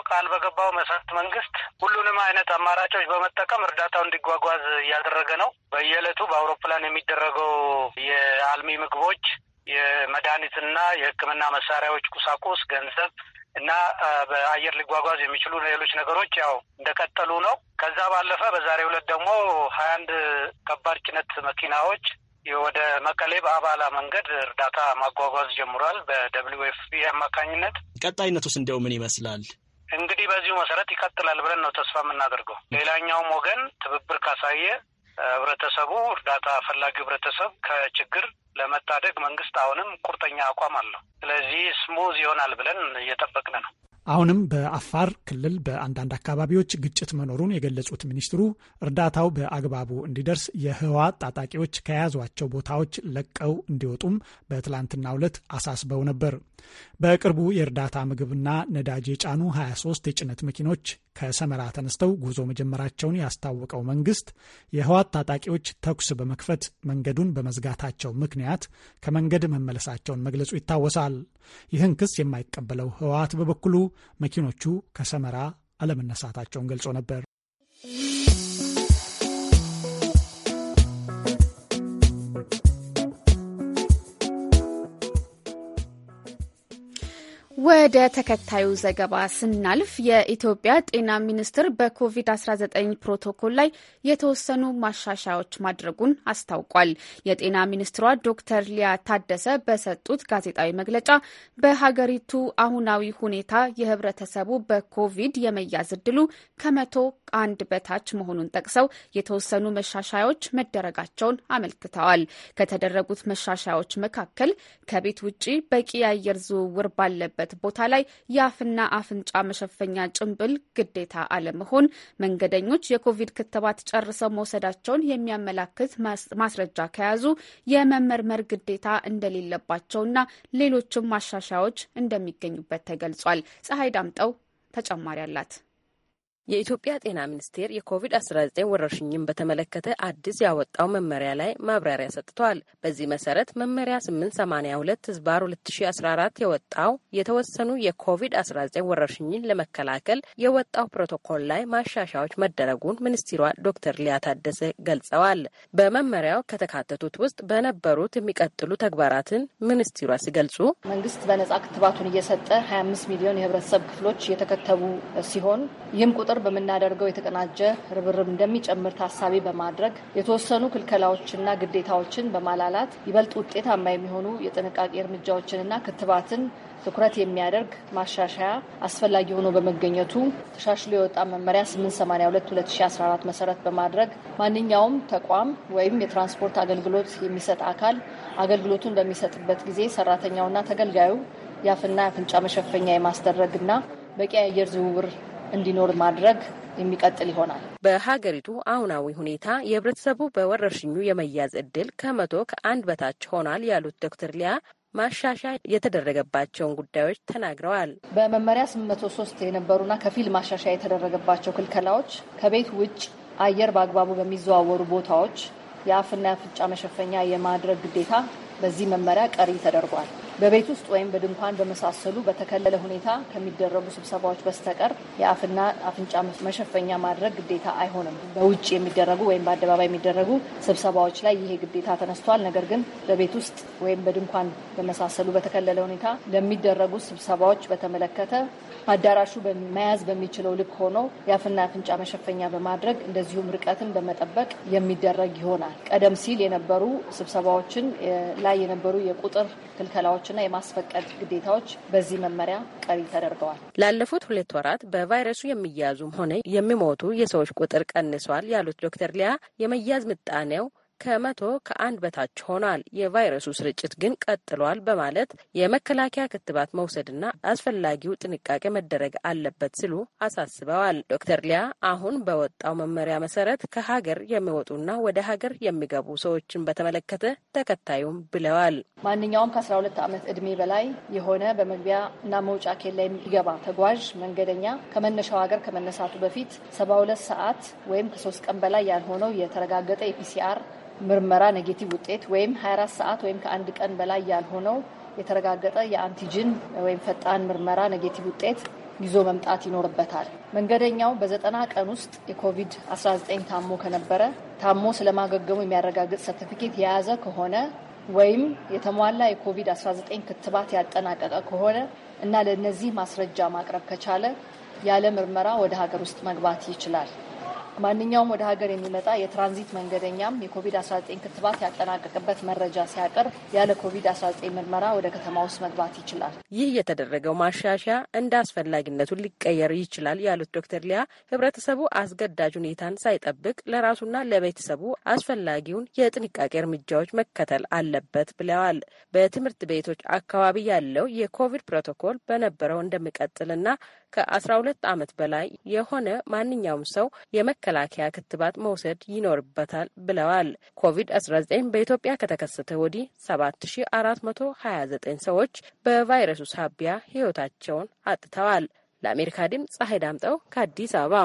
ቃል በገባው መሰረት መንግስት ሁሉንም አይነት አማራጮች በመጠቀም እርዳታው እንዲጓጓዝ እያደረገ ነው። በየዕለቱ በአውሮፕላን የሚደረገው የአልሚ ምግቦች፣ የመድኃኒትና የሕክምና መሳሪያዎች፣ ቁሳቁስ፣ ገንዘብ እና በአየር ሊጓጓዝ የሚችሉ ሌሎች ነገሮች ያው እንደቀጠሉ ነው። ከዛ ባለፈ በዛሬው ዕለት ደግሞ ሀያ አንድ ከባድ ጭነት መኪናዎች ወደ መቀሌ በአባላ መንገድ እርዳታ ማጓጓዝ ጀምሯል። በደብሊው ኤፍ ፒ አማካኝነት ቀጣይነት ውስጥ እንዲያው ምን ይመስላል? እንግዲህ በዚሁ መሰረት ይቀጥላል ብለን ነው ተስፋ የምናደርገው። ሌላኛውም ወገን ትብብር ካሳየ ህብረተሰቡ እርዳታ ፈላጊው ህብረተሰብ ከችግር ለመታደግ መንግስት አሁንም ቁርጠኛ አቋም አለው። ስለዚህ ስሙዝ ይሆናል ብለን እየጠበቅን ነው። አሁንም በአፋር ክልል በአንዳንድ አካባቢዎች ግጭት መኖሩን የገለጹት ሚኒስትሩ እርዳታው በአግባቡ እንዲደርስ የህወሓት ታጣቂዎች ከያዟቸው ቦታዎች ለቀው እንዲወጡም በትላንትናው ዕለት አሳስበው ነበር። በቅርቡ የእርዳታ ምግብና ነዳጅ የጫኑ 23 የጭነት መኪኖች ከሰመራ ተነስተው ጉዞ መጀመራቸውን ያስታወቀው መንግስት የህዋት ታጣቂዎች ተኩስ በመክፈት መንገዱን በመዝጋታቸው ምክንያት ከመንገድ መመለሳቸውን መግለጹ ይታወሳል። ይህን ክስ የማይቀበለው ህወሓት በበኩሉ መኪኖቹ ከሰመራ አለመነሳታቸውን ገልጾ ነበር። ወደ ተከታዩ ዘገባ ስናልፍ የኢትዮጵያ ጤና ሚኒስቴር በኮቪድ-19 ፕሮቶኮል ላይ የተወሰኑ ማሻሻያዎች ማድረጉን አስታውቋል። የጤና ሚኒስትሯ ዶክተር ሊያ ታደሰ በሰጡት ጋዜጣዊ መግለጫ በሀገሪቱ አሁናዊ ሁኔታ የህብረተሰቡ በኮቪድ የመያዝ እድሉ ከመቶ አንድ በታች መሆኑን ጠቅሰው የተወሰኑ መሻሻያዎች መደረጋቸውን አመልክተዋል። ከተደረጉት መሻሻያዎች መካከል ከቤት ውጭ በቂ የአየር ዝውውር ባለበት ቦታ ላይ የአፍና አፍንጫ መሸፈኛ ጭንብል ግዴታ አለመሆን መንገደኞች የኮቪድ ክትባት ጨርሰው መውሰዳቸውን የሚያመላክት ማስረጃ ከያዙ የመመርመር ግዴታ እንደሌለባቸውና ሌሎችም ማሻሻያዎች እንደሚገኙበት ተገልጿል። ፀሐይ ዳምጠው ተጨማሪ አላት። የኢትዮጵያ ጤና ሚኒስቴር የኮቪድ-19 ወረርሽኝን በተመለከተ አዲስ ያወጣው መመሪያ ላይ ማብራሪያ ሰጥቷል። በዚህ መሰረት መመሪያ 882 ህዝባር 2014 የወጣው የተወሰኑ የኮቪድ-19 ወረርሽኝን ለመከላከል የወጣው ፕሮቶኮል ላይ ማሻሻዎች መደረጉን ሚኒስትሯ ዶክተር ሊያ ታደሰ ገልጸዋል። በመመሪያው ከተካተቱት ውስጥ በነበሩት የሚቀጥሉ ተግባራትን ሚኒስትሯ ሲገልጹ መንግስት በነጻ ክትባቱን እየሰጠ 25 ሚሊዮን የህብረተሰብ ክፍሎች የተከተቡ ሲሆን ይህም ቁጥር ለመቆጣጠር በምናደርገው የተቀናጀ ርብርብ እንደሚጨምር ታሳቢ በማድረግ የተወሰኑ ክልከላዎችና ግዴታዎችን በማላላት ይበልጥ ውጤታማ የሚሆኑ የጥንቃቄ እርምጃዎችንና ክትባትን ትኩረት የሚያደርግ ማሻሻያ አስፈላጊ ሆኖ በመገኘቱ ተሻሽሎ የወጣ መመሪያ 882 2014 መሰረት በማድረግ ማንኛውም ተቋም ወይም የትራንስፖርት አገልግሎት የሚሰጥ አካል አገልግሎቱን በሚሰጥበት ጊዜ ሰራተኛውና ተገልጋዩ የአፍና የአፍንጫ መሸፈኛ የማስደረግና በቂ የአየር ዝውውር እንዲኖር ማድረግ የሚቀጥል ይሆናል። በሀገሪቱ አሁናዊ ሁኔታ የህብረተሰቡ በወረርሽኙ የመያዝ እድል ከመቶ ከአንድ በታች ሆኗል ያሉት ዶክተር ሊያ ማሻሻያ የተደረገባቸውን ጉዳዮች ተናግረዋል። በመመሪያ 803 የነበሩና ከፊል ማሻሻያ የተደረገባቸው ክልከላዎች ከቤት ውጭ አየር በአግባቡ በሚዘዋወሩ ቦታዎች የአፍና የአፍንጫ መሸፈኛ የማድረግ ግዴታ በዚህ መመሪያ ቀሪ ተደርጓል። በቤት ውስጥ ወይም በድንኳን በመሳሰሉ በተከለለ ሁኔታ ከሚደረጉ ስብሰባዎች በስተቀር የአፍና አፍንጫ መሸፈኛ ማድረግ ግዴታ አይሆንም። በውጭ የሚደረጉ ወይም በአደባባይ የሚደረጉ ስብሰባዎች ላይ ይሄ ግዴታ ተነስቷል። ነገር ግን በቤት ውስጥ ወይም በድንኳን በመሳሰሉ በተከለለ ሁኔታ ለሚደረጉ ስብሰባዎች በተመለከተ አዳራሹ መያዝ በሚችለው ልክ ሆኖ የአፍና አፍንጫ መሸፈኛ በማድረግ እንደዚሁም ርቀትን በመጠበቅ የሚደረግ ይሆናል። ቀደም ሲል የነበሩ ስብሰባዎችን ላይ የነበሩ የቁጥር ክልከላዎች የማስፈቀድና የማስፈቀድ ግዴታዎች በዚህ መመሪያ ቀሪ ተደርገዋል። ላለፉት ሁለት ወራት በቫይረሱ የሚያዙም ሆነ የሚሞቱ የሰዎች ቁጥር ቀንሷል ያሉት ዶክተር ሊያ የመያዝ ምጣኔው ከመቶ ከአንድ በታች ሆኗል። የቫይረሱ ስርጭት ግን ቀጥሏል በማለት የመከላከያ ክትባት መውሰድና አስፈላጊው ጥንቃቄ መደረግ አለበት ሲሉ አሳስበዋል። ዶክተር ሊያ አሁን በወጣው መመሪያ መሰረት ከሀገር የሚወጡና ወደ ሀገር የሚገቡ ሰዎችን በተመለከተ ተከታዩም ብለዋል። ማንኛውም ከ ሁለት ዓመት ዕድሜ በላይ የሆነ በመግቢያ እና መውጫ ኬላ የሚገባ ተጓዥ መንገደኛ ከመነሻው ሀገር ከመነሳቱ በፊት 72 ሰዓት ወይም ከሶስት ቀን በላይ ያልሆነው የተረጋገጠ የፒሲአር ምርመራ ኔጌቲቭ ውጤት ወይም 24 ሰዓት ወይም ከአንድ ቀን በላይ ያልሆነው የተረጋገጠ የአንቲጅን ወይም ፈጣን ምርመራ ኔጌቲቭ ውጤት ይዞ መምጣት ይኖርበታል። መንገደኛው በዘጠና ቀን ውስጥ የኮቪድ-19 ታሞ ከነበረ ታሞ ስለማገገሙ የሚያረጋግጥ ሰርቲፊኬት የያዘ ከሆነ ወይም የተሟላ የኮቪድ-19 ክትባት ያጠናቀቀ ከሆነ እና ለእነዚህ ማስረጃ ማቅረብ ከቻለ ያለ ምርመራ ወደ ሀገር ውስጥ መግባት ይችላል። ማንኛውም ወደ ሀገር የሚመጣ የትራንዚት መንገደኛም የኮቪድ-19 ክትባት ያጠናቀቅበት መረጃ ሲያቀርብ ያለ ኮቪድ-19 ምርመራ ወደ ከተማ ውስጥ መግባት ይችላል። ይህ የተደረገው ማሻሻያ እንደ አስፈላጊነቱ ሊቀየር ይችላል ያሉት ዶክተር ሊያ ህብረተሰቡ አስገዳጅ ሁኔታን ሳይጠብቅ ለራሱና ለቤተሰቡ አስፈላጊውን የጥንቃቄ እርምጃዎች መከተል አለበት ብለዋል። በትምህርት ቤቶች አካባቢ ያለው የኮቪድ ፕሮቶኮል በነበረው እንደሚቀጥልና ከ12 ዓመት በላይ የሆነ ማንኛውም ሰው የመከላከያ ክትባት መውሰድ ይኖርበታል ብለዋል። ኮቪድ-19 በኢትዮጵያ ከተከሰተ ወዲህ 7429 ሰዎች በቫይረሱ ሳቢያ ሕይወታቸውን አጥተዋል። ለአሜሪካ ድምፅ ፀሐይ ዳምጠው ከአዲስ አበባ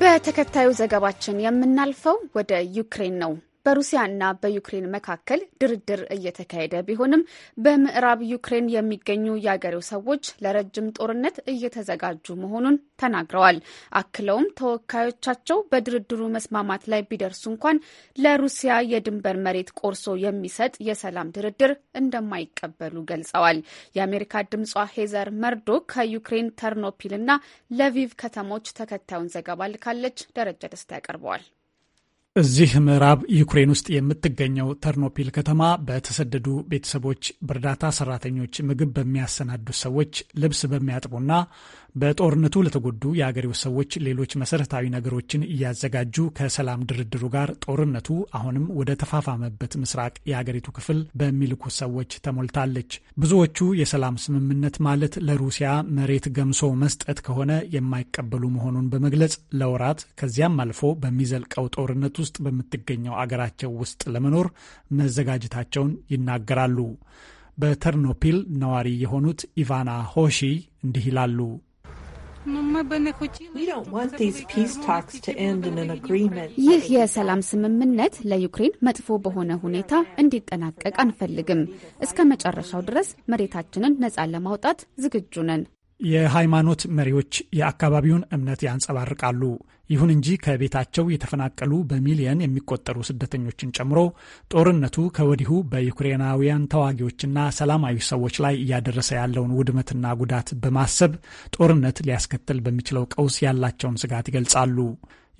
በተከታዩ ዘገባችን የምናልፈው ወደ ዩክሬን ነው። በሩሲያና በዩክሬን መካከል ድርድር እየተካሄደ ቢሆንም በምዕራብ ዩክሬን የሚገኙ የአገሬው ሰዎች ለረጅም ጦርነት እየተዘጋጁ መሆኑን ተናግረዋል። አክለውም ተወካዮቻቸው በድርድሩ መስማማት ላይ ቢደርሱ እንኳን ለሩሲያ የድንበር መሬት ቆርሶ የሚሰጥ የሰላም ድርድር እንደማይቀበሉ ገልጸዋል። የአሜሪካ ድምጿ ሄዘር መርዶ ከዩክሬን ተርኖፒልና ለቪቭ ከተሞች ተከታዩን ዘገባ ልካለች። ደረጃ ደስታ ያቀርበዋል። እዚህ ምዕራብ ዩክሬን ውስጥ የምትገኘው ተርኖፒል ከተማ በተሰደዱ ቤተሰቦች፣ በእርዳታ ሰራተኞች፣ ምግብ በሚያሰናዱ ሰዎች፣ ልብስ በሚያጥቡና በጦርነቱ ለተጎዱ የአገሬው ሰዎች ሌሎች መሰረታዊ ነገሮችን እያዘጋጁ ከሰላም ድርድሩ ጋር ጦርነቱ አሁንም ወደ ተፋፋመበት ምስራቅ የአገሪቱ ክፍል በሚልኩ ሰዎች ተሞልታለች። ብዙዎቹ የሰላም ስምምነት ማለት ለሩሲያ መሬት ገምሶ መስጠት ከሆነ የማይቀበሉ መሆኑን በመግለጽ ለወራት ከዚያም አልፎ በሚዘልቀው ጦርነት ውስጥ በምትገኘው አገራቸው ውስጥ ለመኖር መዘጋጀታቸውን ይናገራሉ። በተርኖፒል ነዋሪ የሆኑት ኢቫና ሆሺ እንዲህ ይላሉ። ይህ የሰላም ስምምነት ለዩክሬን መጥፎ በሆነ ሁኔታ እንዲጠናቀቅ አንፈልግም። እስከ መጨረሻው ድረስ መሬታችንን ነጻ ለማውጣት ዝግጁ ነን። የሃይማኖት መሪዎች የአካባቢውን እምነት ያንጸባርቃሉ። ይሁን እንጂ ከቤታቸው የተፈናቀሉ በሚሊየን የሚቆጠሩ ስደተኞችን ጨምሮ ጦርነቱ ከወዲሁ በዩክሬናውያን ተዋጊዎችና ሰላማዊ ሰዎች ላይ እያደረሰ ያለውን ውድመትና ጉዳት በማሰብ ጦርነት ሊያስከትል በሚችለው ቀውስ ያላቸውን ስጋት ይገልጻሉ።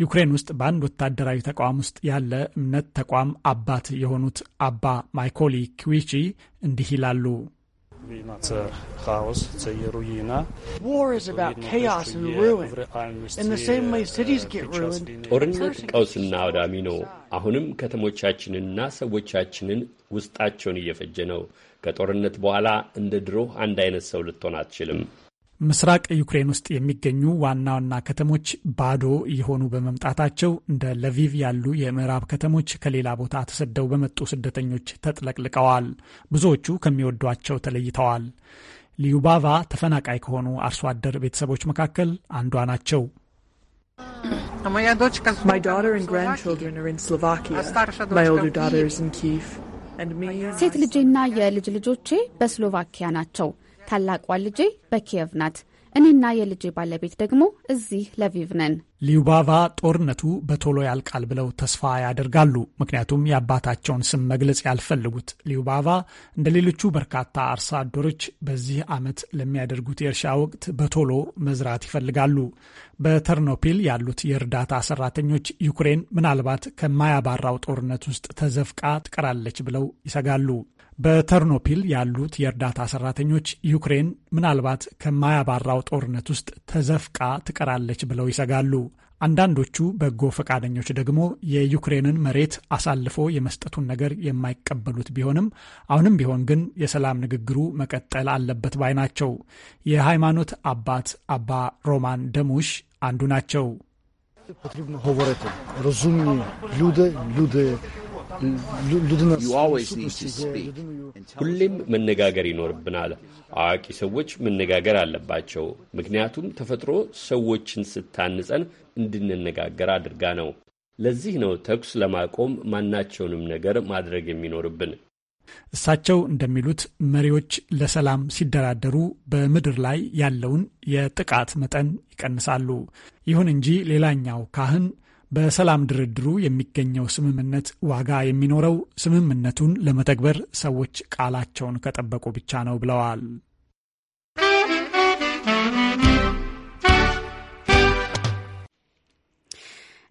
ዩክሬን ውስጥ በአንድ ወታደራዊ ተቋም ውስጥ ያለ እምነት ተቋም አባት የሆኑት አባ ማይኮሊ ክዊቺ እንዲህ ይላሉ። ጦርነት ቀውስና አውዳሚ ነው። አሁንም ከተሞቻችንና ሰዎቻችንን ውስጣቸውን እየፈጀ ነው። ከጦርነት በኋላ እንደ ድሮህ አንድ አይነት ሰው ልትሆን አትችልም። ምስራቅ ዩክሬን ውስጥ የሚገኙ ዋና ዋና ከተሞች ባዶ እየሆኑ በመምጣታቸው እንደ ለቪቭ ያሉ የምዕራብ ከተሞች ከሌላ ቦታ ተሰደው በመጡ ስደተኞች ተጥለቅልቀዋል። ብዙዎቹ ከሚወዷቸው ተለይተዋል። ሊዩባቫ ተፈናቃይ ከሆኑ አርሶ አደር ቤተሰቦች መካከል አንዷ ናቸው። ሴት ልጄና የልጅ ልጆቼ በስሎቫኪያ ናቸው። ታላቋ ልጄ በኪየቭ ናት። እኔና የልጄ ባለቤት ደግሞ እዚህ ለቪቭ ነን። ሊዩባቫ ጦርነቱ በቶሎ ያልቃል ብለው ተስፋ ያደርጋሉ። ምክንያቱም የአባታቸውን ስም መግለጽ ያልፈልጉት ሊዩባቫ እንደ ሌሎቹ በርካታ አርሶ አደሮች በዚህ ዓመት ለሚያደርጉት የእርሻ ወቅት በቶሎ መዝራት ይፈልጋሉ። በተርኖፒል ያሉት የእርዳታ ሰራተኞች ዩክሬን ምናልባት ከማያባራው ጦርነት ውስጥ ተዘፍቃ ትቀራለች ብለው ይሰጋሉ። በተርኖፒል ያሉት የእርዳታ ሰራተኞች ዩክሬን ምናልባት ከማያባራው ጦርነት ውስጥ ተዘፍቃ ትቀራለች ብለው ይሰጋሉ። አንዳንዶቹ በጎ ፈቃደኞች ደግሞ የዩክሬንን መሬት አሳልፎ የመስጠቱን ነገር የማይቀበሉት ቢሆንም አሁንም ቢሆን ግን የሰላም ንግግሩ መቀጠል አለበት ባይ ናቸው። የሃይማኖት አባት አባ ሮማን ደሙሽ አንዱ ናቸው። ሁሌም መነጋገር ይኖርብናል። አዋቂ ሰዎች መነጋገር አለባቸው። ምክንያቱም ተፈጥሮ ሰዎችን ስታንጸን እንድንነጋገር አድርጋ ነው። ለዚህ ነው ተኩስ ለማቆም ማናቸውንም ነገር ማድረግ የሚኖርብን። እሳቸው እንደሚሉት መሪዎች ለሰላም ሲደራደሩ በምድር ላይ ያለውን የጥቃት መጠን ይቀንሳሉ። ይሁን እንጂ ሌላኛው ካህን በሰላም ድርድሩ የሚገኘው ስምምነት ዋጋ የሚኖረው ስምምነቱን ለመተግበር ሰዎች ቃላቸውን ከጠበቁ ብቻ ነው ብለዋል።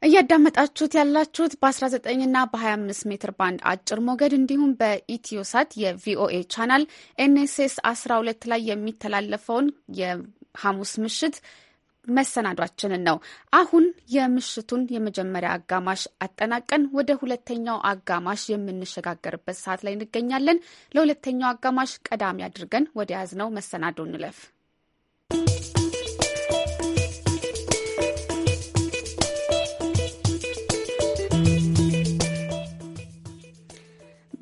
እያዳመጣችሁት ያላችሁት በ 19 እና በ25 ሜትር ባንድ አጭር ሞገድ እንዲሁም በኢትዮሳት የቪኦኤ ቻናል ኤንኤስኤስ 12 ላይ የሚተላለፈውን የሐሙስ ምሽት መሰናዷችንን ነው። አሁን የምሽቱን የመጀመሪያ አጋማሽ አጠናቀን ወደ ሁለተኛው አጋማሽ የምንሸጋገርበት ሰዓት ላይ እንገኛለን። ለሁለተኛው አጋማሽ ቀዳሚ አድርገን ወደ ያዝነው መሰናዶ እንለፍ።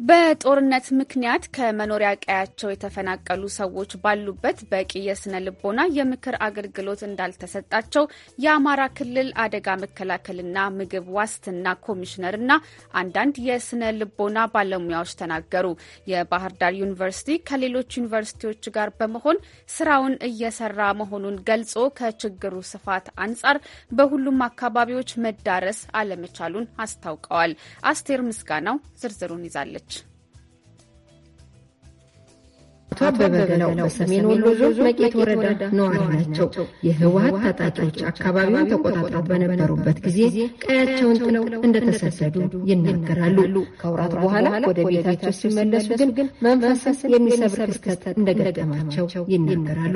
በጦርነት ምክንያት ከመኖሪያ ቀያቸው የተፈናቀሉ ሰዎች ባሉበት በቂ የስነ ልቦና የምክር አገልግሎት እንዳልተሰጣቸው የአማራ ክልል አደጋ መከላከልና ምግብ ዋስትና ኮሚሽነርና አንዳንድ የስነ ልቦና ባለሙያዎች ተናገሩ። የባህር ዳር ዩኒቨርሲቲ ከሌሎች ዩኒቨርሲቲዎች ጋር በመሆን ስራውን እየሰራ መሆኑን ገልጾ ከችግሩ ስፋት አንጻር በሁሉም አካባቢዎች መዳረስ አለመቻሉን አስታውቀዋል። አስቴር ምስጋናው ዝርዝሩን ይዛለች። አቶ አበበ ገላው በሰሜን ወሎ ዞን መቄት ወረዳ ነዋሪ ናቸው። የህወሀት ታጣቂዎች አካባቢውን ተቆጣጥረው በነበሩበት ጊዜ ቀያቸውን ጥለው እንደተሰደዱ ይናገራሉ። ከውራት በኋላ ወደ ቤታቸው ሲመለሱ ግን መንፈስ የሚሰብር ክስተት እንደገጠማቸው ይናገራሉ።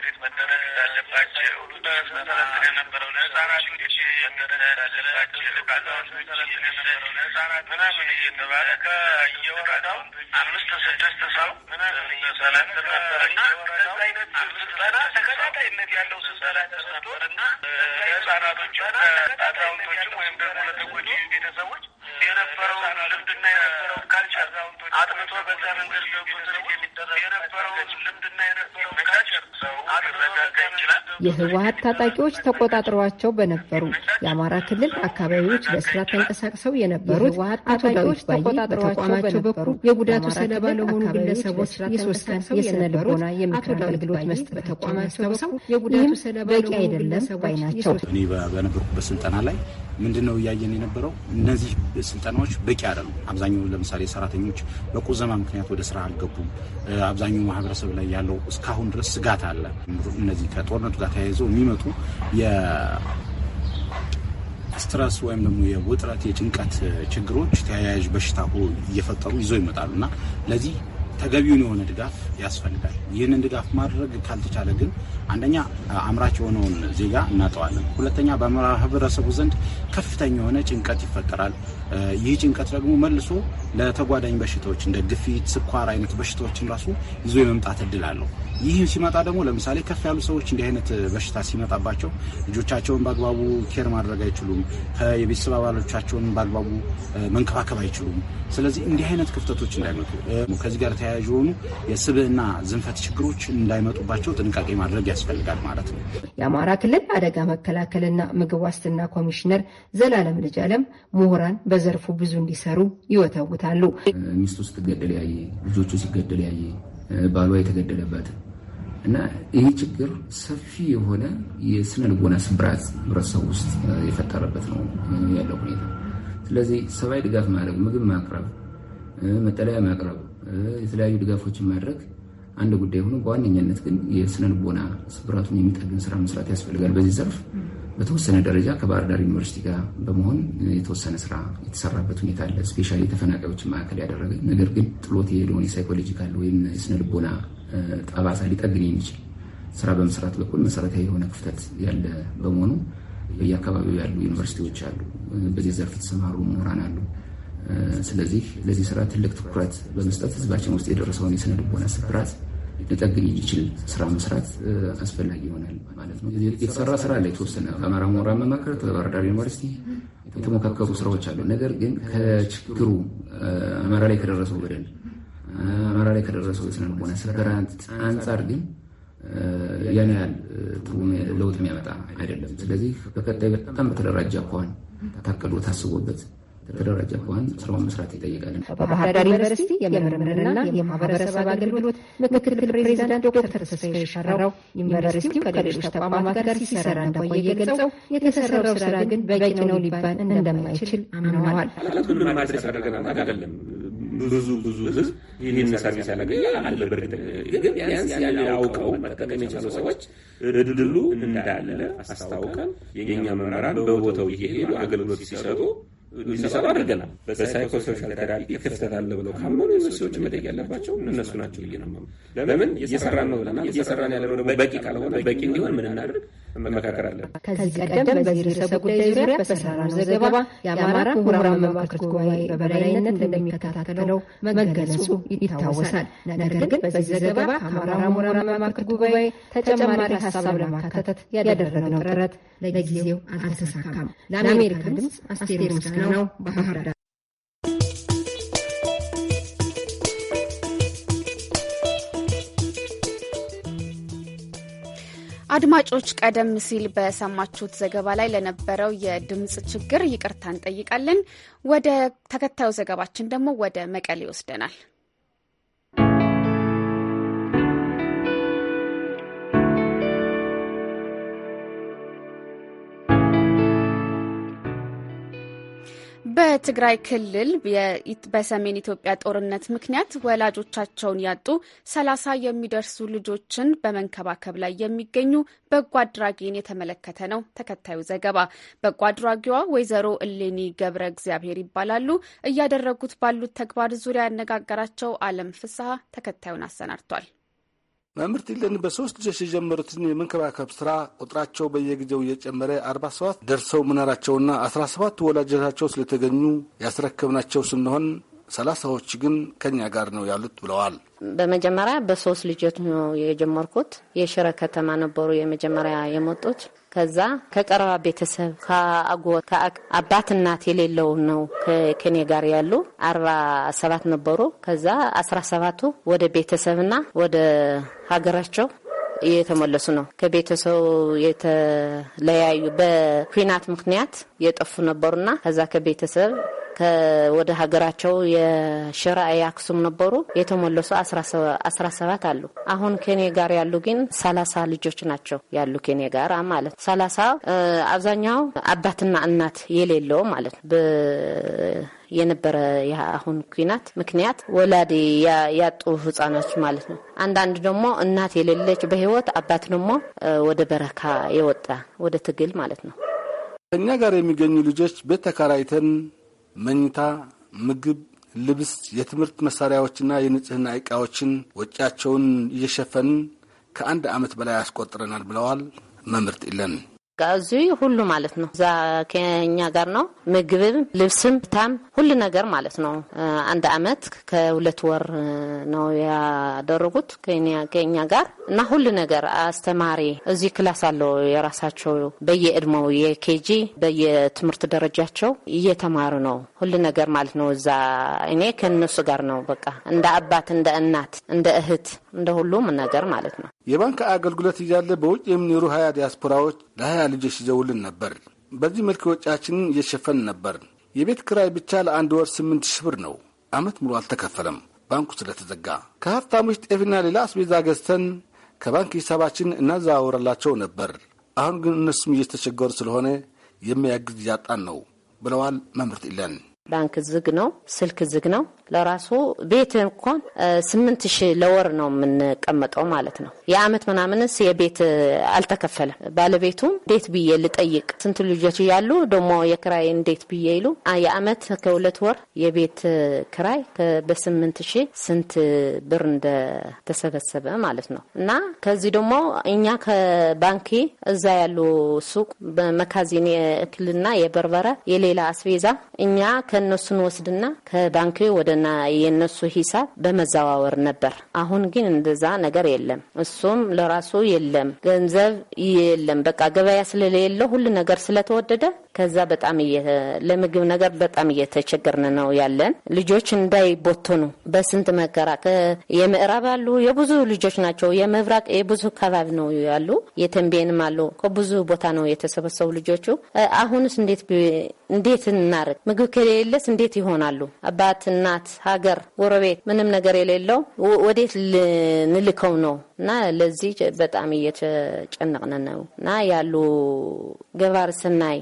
መደረግ እንዳለባቸው መሰረት የነበረው ለህጻናት መደረግ እንዳለባቸው ካዛዎች የነበረው ለህጻናት ምናምን እየተባለ ከየወረዳው አምስት ስድስት ሰው ሰላም ነበርና እዛ አይነት ስልጠና ተከታታይነት ያለው ስልጠና እና ለህጻናቶችም ለአዛውንቶችም ወይም ደግሞ ለተጎጂ ቤተሰቦች የነበረው ልምድና የነበረ ካልቸ አጥንቶ በዛ መንገድ ገብቶ የነበረውን ልምድና የነበረውን ካልቸር የህወሀት ታጣቂዎች ተቆጣጥረዋቸው በነበሩ የአማራ ክልል አካባቢዎች በስራ ተንቀሳቅሰው የነበሩት ህወሀት ታጣቂዎች ተቆጣጥረዋቸው በኩል የጉዳቱ ሰለባ ለሆኑ ግለሰቦች የሶስት ቀን የስነ ልቦና የምክር አገልግሎት መስጠት ተቋም አስታውሰው ይህም በቂ አይደለም ባይ ናቸው። እኔ በነበርኩበት ስልጠና ላይ ምንድን ነው እያየን የነበረው እነዚህ ስልጠናዎች በቂ አይደሉም። አብዛኛው ለምሳሌ ሰራተኞች በቁዘማ ምክንያት ወደ ስራ አልገቡም። አብዛኛው ማህበረሰብ ላይ ያለው እስካሁን ድረስ ስጋት አለ። እነዚህ ከጦርነቱ ጋር ተያይዘው የሚመጡ ስትረስ ወይም ደግሞ የውጥረት የጭንቀት ችግሮች ተያያዥ በሽታ እየፈጠሩ ይዞ ይመጣሉ እና ለዚህ ተገቢውን የሆነ ድጋፍ ያስፈልጋል። ይህንን ድጋፍ ማድረግ ካልተቻለ ግን አንደኛ አምራች የሆነውን ዜጋ እናጠዋለን፣ ሁለተኛ በማህበረሰቡ ዘንድ ከፍተኛ የሆነ ጭንቀት ይፈጠራል። ይህ ጭንቀት ደግሞ መልሶ ለተጓዳኝ በሽታዎች እንደ ግፊት፣ ስኳር አይነት በሽታዎችን ራሱ ይዞ የመምጣት እድል አለው። ይህ ሲመጣ ደግሞ ለምሳሌ ከፍ ያሉ ሰዎች እንዲህ አይነት በሽታ ሲመጣባቸው ልጆቻቸውን በአግባቡ ኬር ማድረግ አይችሉም፣ የቤተሰብ አባሎቻቸውን በአግባቡ መንከባከብ አይችሉም። ስለዚህ እንዲህ አይነት ክፍተቶች እንዳይመጡ ከዚህ ጋር ተያያዥ የሆኑ የስብዕና ዝንፈት ችግሮች እንዳይመጡባቸው ጥንቃቄ ማድረግ ያስፈልጋል ማለት ነው። የአማራ ክልል አደጋ መከላከልና ምግብ ዋስትና ኮሚሽነር ዘላለም ልጅ አለም ምሁራን በዘርፉ ብዙ እንዲሰሩ ይወተውታሉ። ሚስቱ ስትገደል ያየ፣ ልጆቹ ሲገደል ያየ፣ ባሏ የተገደለበት እና ይህ ችግር ሰፊ የሆነ የስነ ልቦና ስብራት ህብረተሰቡ ውስጥ የፈጠረበት ነው ያለው ሁኔታ። ስለዚህ ሰብአዊ ድጋፍ ማድረግ፣ ምግብ ማቅረብ፣ መጠለያ ማቅረብ፣ የተለያዩ ድጋፎችን ማድረግ አንድ ጉዳይ ሆኖ በዋነኛነት ግን የስነ ልቦና ስብራቱን የሚጠግን ስራ መስራት ያስፈልጋል በዚህ ዘርፍ በተወሰነ ደረጃ ከባህር ዳር ዩኒቨርሲቲ ጋር በመሆን የተወሰነ ስራ የተሰራበት ሁኔታ አለ። ስፔሻሊ ተፈናቃዮች ማዕከል ያደረገ ነገር ግን ጥሎት የሄደውን የሳይኮሎጂካል ወይም የስነ ልቦና ጠባሳ ሊጠግን የሚችል ስራ በመስራት በኩል መሰረታዊ የሆነ ክፍተት ያለ በመሆኑ በየአካባቢው ያሉ ዩኒቨርሲቲዎች አሉ፣ በዚህ ዘርፍ የተሰማሩ ምሁራን አሉ። ስለዚህ ለዚህ ስራ ትልቅ ትኩረት በመስጠት ህዝባችን ውስጥ የደረሰውን የስነ ልቦና ስብራት ሊጠግኝ ይችል ስራ መስራት አስፈላጊ ይሆናል ማለት ነው። የተሰራ ስራ ላይ የተወሰነ አማራ ምሁራን መማከር ከባህር ዳር ዩኒቨርሲቲ የተሞካከሩ ስራዎች አሉ። ነገር ግን ከችግሩ አማራ ላይ ከደረሰው በደል አማራ ላይ ከደረሰው የስነ ልቦና አንጻር ግን ያን ያህል ትርጉም ለውጥ የሚያመጣ አይደለም። ስለዚህ በቀጣይ በጣም በተደራጀ አኳኋን ታቀዶ ታስቦበት በተደራጀ አኳኋን ስራውን መስራት ይጠይቃል። በባህር ዳር ዩኒቨርሲቲ የምርምርና የማህበረሰብ አገልግሎት ምክትል ፕሬዚዳንት ዶክተር ተስፋዬ ሽፈራው ዩኒቨርሲቲው ከሌሎች ተቋማት ጋር ሲሰራ እንደቆየ ገልጸው የተሰራው ስራ ግን በቂ ነው ሊባል እንደማይችል አምነዋል። ሁሉንም ማድረስ አደረገናል አይደለም። ብዙ ብዙ ህዝብ ይህን ሰርቪስ ያላገኘ አለ። በእርግጥ ግን ቢያንስ ያላውቀው መጠቀም የቻሉ ሰዎች እድሉ እንዳለ አስታውቀን የኛ መምህራን በቦታው እየሄዱ አገልግሎት ሲሰጡ እንዲሰሩ አድርገናል። በሳይኮሶሻል ሶሻል ተራፒ ክፍተት አለ ብለው ካመኑ ሰዎች መደግ ያለባቸው እነሱ ናቸው ብዬ ለምን እየሰራን ነው ብለናል። እየሰራን ያለ ደግሞ በቂ ካልሆነ በቂ እንዲሆን ምን እናደርግ መመካከር አለን። ከዚህ ቀደም በዚህ ርዕሰ ጉዳይ ዙሪያ በሰራነው ዘገባ የአማራ ምሁራን መማክርት ጉባኤ በበላይነት እንደሚከታተለው መገለጹ ይታወሳል። ነገር ግን በዚህ ዘገባ ከአማራ ምሁራን መማክርት ጉባኤ ተጨማሪ ሀሳብ ለማካተት ያደረግነው ጥረት ለጊዜው አልተሳካም። ለአሜሪካ ድምፅ አስቴር ምስጋናው ባህር ዳር አድማጮች ቀደም ሲል በሰማችሁት ዘገባ ላይ ለነበረው የድምፅ ችግር ይቅርታ እንጠይቃለን። ወደ ተከታዩ ዘገባችን ደግሞ ወደ መቀሌ ይወስደናል። በትግራይ ክልል በሰሜን ኢትዮጵያ ጦርነት ምክንያት ወላጆቻቸውን ያጡ ሰላሳ የሚደርሱ ልጆችን በመንከባከብ ላይ የሚገኙ በጎ አድራጊን የተመለከተ ነው ተከታዩ ዘገባ። በጎ አድራጊዋ ወይዘሮ እሌኒ ገብረ እግዚአብሔር ይባላሉ። እያደረጉት ባሉት ተግባር ዙሪያ ያነጋገራቸው አለም ፍስሐ ተከታዩን አሰናድቷል። መምህርት ይለን በሶስት ልጆች የጀመሩትን የመንከባከብ ስራ ቁጥራቸው በየጊዜው እየጨመረ አርባ ሰባት ደርሰው መኖራቸውና አስራ ሰባት ወላጆቻቸው ስለተገኙ ያስረከብናቸው ስንሆን ሰላሳዎች ግን ከኛ ጋር ነው ያሉት ብለዋል። በመጀመሪያ በሶስት ልጆች ነው የጀመርኩት። የሽረ ከተማ ነበሩ የመጀመሪያ የመጡት ከዛ ከቀረባ ቤተሰብ ከአጎ አባት እናት የሌለውን ነው ከኔ ጋር ያሉ አርባ ሰባት ነበሩ። ከዛ አስራ ሰባቱ ወደ ቤተሰብና ወደ ሀገራቸው እየተመለሱ ነው። ከቤተሰቡ የተለያዩ በኩናት ምክንያት የጠፉ ነበሩና ከዛ ከቤተሰብ ወደ ሀገራቸው የሽራ የአክሱም ነበሩ የተመለሱ አስራ ሰባት አሉ። አሁን ኬኔ ጋር ያሉ ግን ሰላሳ ልጆች ናቸው ያሉ ኬኔ ጋር ማለት ሰላሳ አብዛኛው አባትና እናት የሌለው ማለት የነበረ የአሁን ኩናት ምክንያት ወላድ ያጡ ህፃኖች ማለት ነው። አንዳንድ ደግሞ እናት የሌለች በህይወት አባት ደግሞ ወደ በረካ የወጣ ወደ ትግል ማለት ነው። ከእኛ ጋር የሚገኙ ልጆች ቤት ተከራይተን መኝታ፣ ምግብ ልብስ፣ የትምህርት መሳሪያዎችና የንጽህና ዕቃዎችን ወጪያቸውን እየሸፈንን ከአንድ ዓመት በላይ ያስቆጥረናል ብለዋል መምህርት ኢለን። እዚ ሁሉ ማለት ነው። እዛ ከኛ ጋር ነው ምግብም፣ ልብስም፣ ታም ሁሉ ነገር ማለት ነው። አንድ አመት ከሁለት ወር ነው ያደረጉት ከኛ ጋር እና ሁሉ ነገር አስተማሪ እዚህ ክላስ አለው የራሳቸው በየእድሜው የኬጂ በየትምህርት ደረጃቸው እየተማሩ ነው ሁሉ ነገር ማለት ነው። እዛ እኔ ከነሱ ጋር ነው በቃ እንደ አባት እንደ እናት እንደ እህት እንደ ሁሉም ነገር ማለት ነው። የባንክ አገልግሎት እያለ በውጭ የሚኖሩ ሀያ ዲያስፖራዎች ለሀያ ልጆች ይዘውልን ነበር። በዚህ መልክ ወጪያችንን እየሸፈን ነበር። የቤት ክራይ ብቻ ለአንድ ወር ስምንት ሺህ ብር ነው። አመት ሙሉ አልተከፈለም፣ ባንኩ ስለተዘጋ። ከሀብታሞች ጤፍና ሌላ አስቤዛ ገዝተን ከባንክ ሂሳባችን እናዘዋውረላቸው ነበር። አሁን ግን እነሱም እየተቸገሩ ስለሆነ የሚያግዝ እያጣን ነው ብለዋል መምህርት ኢለን። ባንክ ዝግ ነው፣ ስልክ ዝግ ነው። ለራሱ ቤት እንኳን ስምንት ሺህ ለወር ነው የምንቀመጠው ማለት ነው። የአመት ምናምንስ የቤት አልተከፈለም። ባለቤቱም እንዴት ብዬ ልጠይቅ ስንት ልጆች ያሉ ደሞ የክራይ እንዴት ብዬ ይሉ የአመት ከሁለት ወር የቤት ክራይ በስምንት ሺ ስንት ብር እንደተሰበሰበ ማለት ነው። እና ከዚህ ደግሞ እኛ ከባንኪ እዛ ያሉ ሱቅ በመካዚን የእክልና የበርበረ የሌላ አስቤዛ እኛ ከእነሱን ወስድና ከባንኪ ወደ እና የነሱ ሂሳብ በመዘዋወር ነበር። አሁን ግን እንደዛ ነገር የለም። እሱም ለራሱ የለም፣ ገንዘብ የለም። በቃ ገበያ ስለሌለው ሁሉ ነገር ስለተወደደ ከዛ በጣም ለምግብ ነገር በጣም እየተቸገርን ነው ያለን። ልጆች እንዳይቦትኑ በስንት መከራ የምዕራብ አሉ የብዙ ልጆች ናቸው። የምብራቅ የብዙ አካባቢ ነው ያሉ፣ የተንቤንም አሉ። ከብዙ ቦታ ነው የተሰበሰቡ ልጆቹ። አሁንስ እንዴት እንዴት እናርግ? ምግብ ከሌለስ እንዴት ይሆናሉ? አባት እናት ሀገር ጎረቤት ምንም ነገር የሌለው ወዴት ልንልከው ነው? እና ለዚህ በጣም እየተጨነቅን ነው እና ያሉ ገባር ስናይ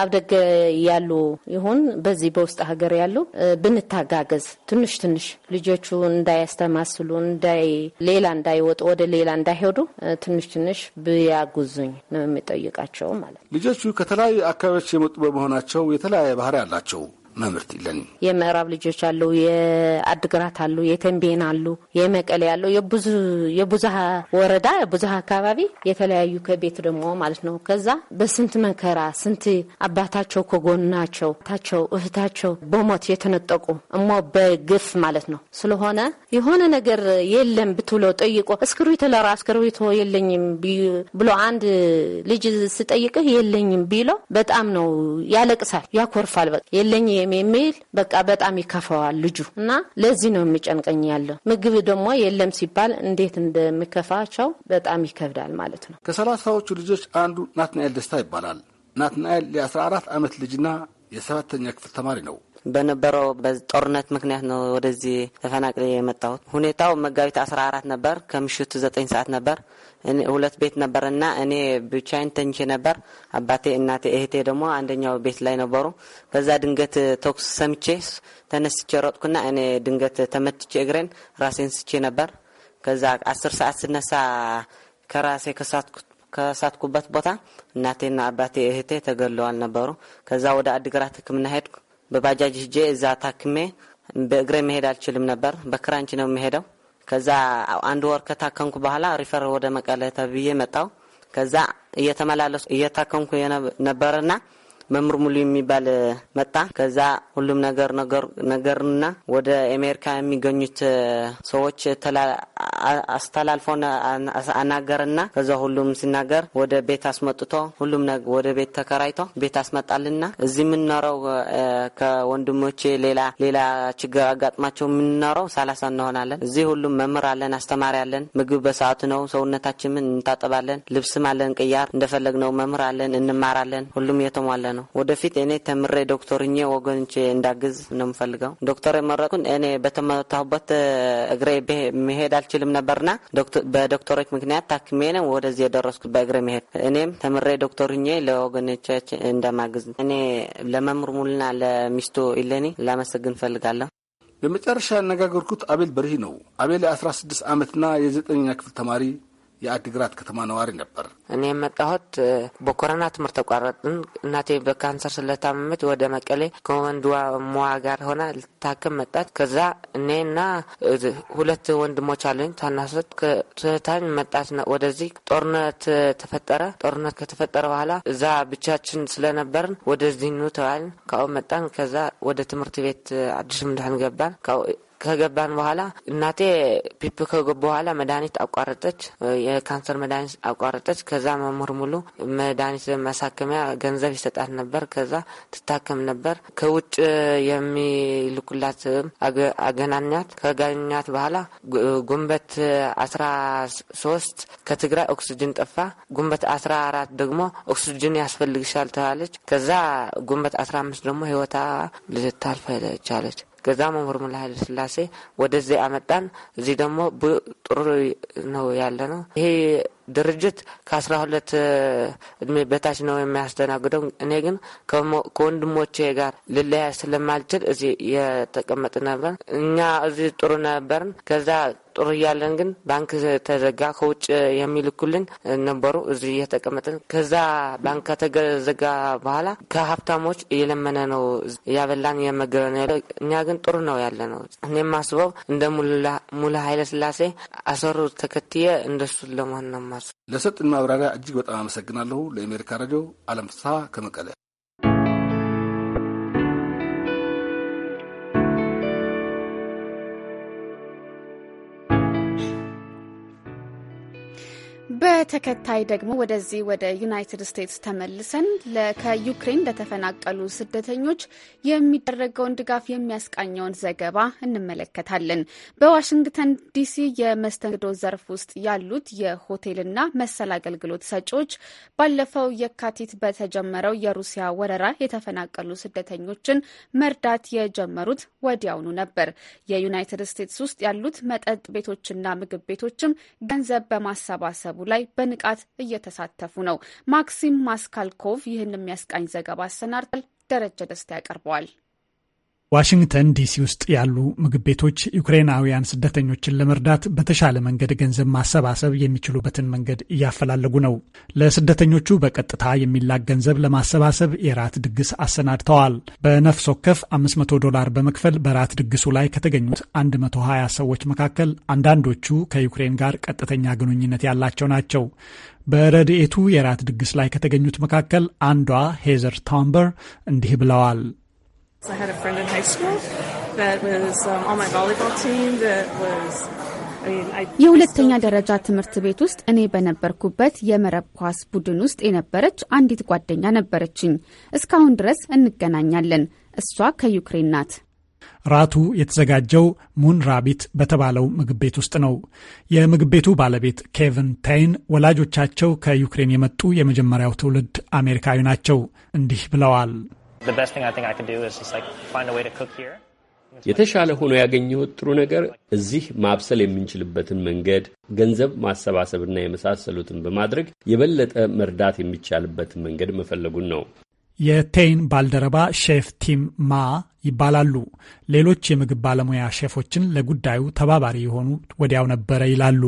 አብደገ ደገ ያሉ ይሁን በዚህ በውስጥ ሀገር ያሉ ብንታጋገዝ ትንሽ ትንሽ ልጆቹ እንዳያስተማስሉ እንዳይ ሌላ እንዳይወጡ ወደ ሌላ እንዳይሄዱ ትንሽ ትንሽ ብያጉዙኝ ነው የሚጠይቃቸው ማለት ልጆቹ ከተለያዩ አካባቢዎች የመጡ በመሆናቸው የተለያየ ባህሪ አላቸው። መምህርት የለንም። የምዕራብ ልጆች አሉ፣ የአድግራት አሉ፣ የተንቤን አሉ፣ የመቀሌ አሉ። የብዙሀ ወረዳ የብዙሀ አካባቢ የተለያዩ ከቤት ደግሞ ማለት ነው። ከዛ በስንት መከራ ስንት አባታቸው ከጎናቸው ታቸው እህታቸው በሞት የተነጠቁ እሞ በግፍ ማለት ነው። ስለሆነ የሆነ ነገር የለም ብትብሎ ጠይቆ እስክሪቶ ለራ እስክሪቶ የለኝም ብሎ አንድ ልጅ ስጠይቅህ የለኝም ቢሎ በጣም ነው ያለቅሳል፣ ያኮርፋል። በቃ የለኝ የለኝም የሚል በቃ በጣም ይከፋዋል ልጁ እና ለዚህ ነው የሚጨንቀኝ ያለው። ምግብ ደግሞ የለም ሲባል እንዴት እንደሚከፋቸው በጣም ይከብዳል ማለት ነው። ከሰላሳዎቹ ልጆች አንዱ ናትናኤል ደስታ ይባላል። ናትናኤል የ አራት ዓመት ልጅና የሰባተኛ ክፍል ተማሪ ነው። በነበረው በጦርነት ምክንያት ነው ወደዚህ ተፈናቅለ የመጣሁት። ሁኔታው መጋቢት 14 ነበር ከምሽቱ ዘጠኝ ሰዓት ነበር ሁለት ቤት ነበርና እኔ ብቻዬን ተኝቼ ነበር። አባቴ፣ እናቴ፣ እህቴ ደግሞ አንደኛው ቤት ላይ ነበሩ። ከዛ ድንገት ተኩስ ሰምቼ ተነስቼ ሮጥኩና እኔ ድንገት ተመትቼ እግሬን ራሴን ስቼ ነበር። ከዛ አስር ሰዓት ስነሳ ከራሴ ከሳትኩበት ቦታ እናቴና አባቴ፣ እህቴ ተገለዋል ነበሩ። ከዛ ወደ አድግራት ሕክምና ሄድኩ። በባጃጅ ሂጄ እዛ ታክሜ በእግሬ መሄድ አልችልም ነበር። በክራንች ነው የሚሄደው ከዛ አንድ ወር ከታከምኩ በኋላ ሪፈር ወደ መቀለ ተብዬ መጣው። ከዛ እየተመላለሱ እየታከምኩ ነበረና መምህር ሙሉ የሚባል መጣ። ከዛ ሁሉም ነገር ነገርና ወደ አሜሪካ የሚገኙት ሰዎች አስተላልፎን አናገርና ከዛ ሁሉም ሲናገር ወደ ቤት አስመጥቶ ሁሉም ወደ ቤት ተከራይቶ ቤት አስመጣልና እዚህ የምንኖረው ከወንድሞቼ ሌላ ሌላ ችግር አጋጥማቸው የምንኖረው ሰላሳ እንሆናለን። እዚህ ሁሉም መምህር አለን፣ አስተማሪ አለን። ምግብ በሰዓቱ ነው። ሰውነታችንን እንታጠባለን። ልብስም አለን ቅያር እንደፈለግነው መምህር አለን፣ እንማራለን። ሁሉም የተሟለ ነው። ነው። ወደፊት እኔ ተምሬ ዶክተርኜ ወገንቼ እንዳግዝ ነው የምፈልገው። ዶክተር የመረቁን እኔ በተመታሁበት እግሬ መሄድ አልችልም ነበርና በዶክተሮች ምክንያት ታክሜ ነው ወደዚህ የደረስኩት በእግሬ መሄድ። እኔም ተምሬ ዶክተርኜ ለወገኖቻች እንደማግዝ እኔ ለመምር ሙሉና ለሚስቱ ኢለኒ ላመሰግን ፈልጋለሁ። የመጨረሻ ያነጋገርኩት አቤል በርሂ ነው። አቤል የ16 ዓመትና የዘጠነኛ ክፍል ተማሪ የአዲግራት ከተማ ነዋሪ ነበር። እኔ የመጣሁት በኮሮና ትምህርት ተቋረጥን። እናቴ በካንሰር ስለታመመች ወደ መቀሌ ከወንድዋ ከወንድሟ ጋር ሆና ልታክም መጣች። ከዛ እኔና ሁለት ወንድሞች አሉኝ ታናሶች ከትታኝ መጣች ወደዚህ። ጦርነት ተፈጠረ። ጦርነት ከተፈጠረ በኋላ እዛ ብቻችን ስለነበርን ወደዚህ ኑ ተባልን። ካው መጣን። ከዛ ወደ ትምህርት ቤት አዲስ ምድህን ገባን። ከገባን በኋላ እናቴ ፒፕ ከገቡ በኋላ መድኃኒት አቋረጠች። የካንሰር መድኃኒት አቋረጠች። ከዛ መምህር ሙሉ መድኃኒት ማሳከሚያ ገንዘብ ይሰጣት ነበር። ከዛ ትታከም ነበር። ከውጭ የሚልኩላት አገናኛት። ከጋኛት በኋላ ጉንበት አስራ ሶስት ከትግራይ ኦክስጅን ጠፋ። ጉንበት አስራ አራት ደግሞ ኦክስጅን ያስፈልግሻል ተባለች። ከዛ ጉንበት አስራ አምስት ደግሞ ህይወታ ልትታልፈ ቻለች። ገዛ መምህር ሙላ ኃይለ ስላሴ ወደዚህ አመጣን። እዚህ ደግሞ ጥሩ ነው ያለ ነው ይሄ ድርጅት ከአስራ ሁለት በታች ነው የሚያስተናግደው። እኔ ግን ከወንድሞቼ ጋር ልለያ ስለማልችል እዚህ የተቀመጥ ነበር። እኛ እዚህ ጥሩ ነበርን። ከዛ ጥሩ እያለን ግን ባንክ ተዘጋ። ከውጭ የሚልኩልን ነበሩ። እዚህ እየተቀመጥን ከዛ ባንክ ከተዘጋ በኋላ ከሀብታሞች እየለመነ ነው እያበላን እየመገበ ነው ያለ። እኛ ግን ጥሩ ነው ያለ ነው። እኔ ማስበው እንደ ሙላ ኃይለ ስላሴ አሰሩ ተከትየ እንደሱ ለመሆን ነው። ለሰጥን ማብራሪያ እጅግ በጣም አመሰግናለሁ። ለአሜሪካ ሬዲዮ አለም ፍስሐ ከመቀለ በተከታይ ደግሞ ወደዚህ ወደ ዩናይትድ ስቴትስ ተመልሰን ከዩክሬን ለተፈናቀሉ ስደተኞች የሚደረገውን ድጋፍ የሚያስቃኘውን ዘገባ እንመለከታለን። በዋሽንግተን ዲሲ የመስተንግዶ ዘርፍ ውስጥ ያሉት የሆቴልና መሰል አገልግሎት ሰጪዎች ባለፈው የካቲት በተጀመረው የሩሲያ ወረራ የተፈናቀሉ ስደተኞችን መርዳት የጀመሩት ወዲያውኑ ነበር። የዩናይትድ ስቴትስ ውስጥ ያሉት መጠጥ ቤቶችና ምግብ ቤቶችም ገንዘብ በማሰባሰቡ ላይ በንቃት እየተሳተፉ ነው። ማክሲም ማስካልኮቭ ይህን የሚያስቃኝ ዘገባ አሰናድቷል። ደረጀ ደስታ ያቀርበዋል። ዋሽንግተን ዲሲ ውስጥ ያሉ ምግብ ቤቶች ዩክሬናውያን ስደተኞችን ለመርዳት በተሻለ መንገድ ገንዘብ ማሰባሰብ የሚችሉበትን መንገድ እያፈላለጉ ነው። ለስደተኞቹ በቀጥታ የሚላክ ገንዘብ ለማሰባሰብ የራት ድግስ አሰናድተዋል። በነፍስ ወከፍ 500 ዶላር በመክፈል በራት ድግሱ ላይ ከተገኙት 120 ሰዎች መካከል አንዳንዶቹ ከዩክሬን ጋር ቀጥተኛ ግንኙነት ያላቸው ናቸው። በረድኤቱ የራት ድግስ ላይ ከተገኙት መካከል አንዷ ሄዘር ታምበር እንዲህ ብለዋል። I had a friend in high school that was um, on my volleyball team that was <laughs> የሁለተኛ ደረጃ ትምህርት ቤት ውስጥ እኔ በነበርኩበት የመረብ ኳስ ቡድን ውስጥ የነበረች አንዲት ጓደኛ ነበረችኝ። እስካሁን ድረስ እንገናኛለን። እሷ ከዩክሬን ናት። ራቱ የተዘጋጀው ሙን ራቢት በተባለው ምግብ ቤት ውስጥ ነው። የምግብ ቤቱ ባለቤት ኬቨን ታይን ወላጆቻቸው ከዩክሬን የመጡ የመጀመሪያው ትውልድ አሜሪካዊ ናቸው። እንዲህ ብለዋል። የተሻለ ሆኖ ያገኘሁት ጥሩ ነገር እዚህ ማብሰል የምንችልበትን መንገድ፣ ገንዘብ ማሰባሰብና የመሳሰሉትን በማድረግ የበለጠ መርዳት የሚቻልበትን መንገድ መፈለጉን ነው። የቴይን ባልደረባ ሼፍ ቲም ማ ይባላሉ። ሌሎች የምግብ ባለሙያ ሼፎችን ለጉዳዩ ተባባሪ የሆኑ ወዲያው ነበረ ይላሉ።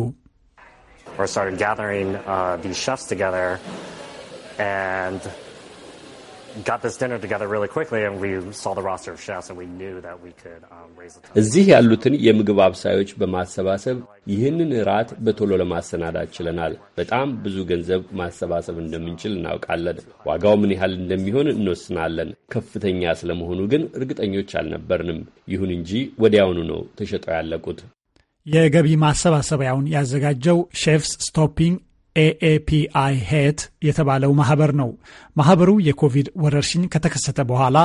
Um, እዚህ ያሉትን የምግብ አብሳዮች በማሰባሰብ ይህንን ራት በቶሎ ለማሰናዳት ችለናል። በጣም ብዙ ገንዘብ ማሰባሰብ እንደምንችል እናውቃለን። ዋጋው ምን ያህል እንደሚሆን እንወስናለን። ከፍተኛ ስለመሆኑ ግን እርግጠኞች አልነበርንም። ይሁን እንጂ ወዲያውኑ ነው ተሸጠው ያለቁት። የገቢ ማሰባሰቢያውን ያዘጋጀው ሼፍስ ስቶፒንግ ኤኤፒአይ ሄት የተባለው ማህበር ነው። ማህበሩ የኮቪድ ወረርሽኝ ከተከሰተ በኋላ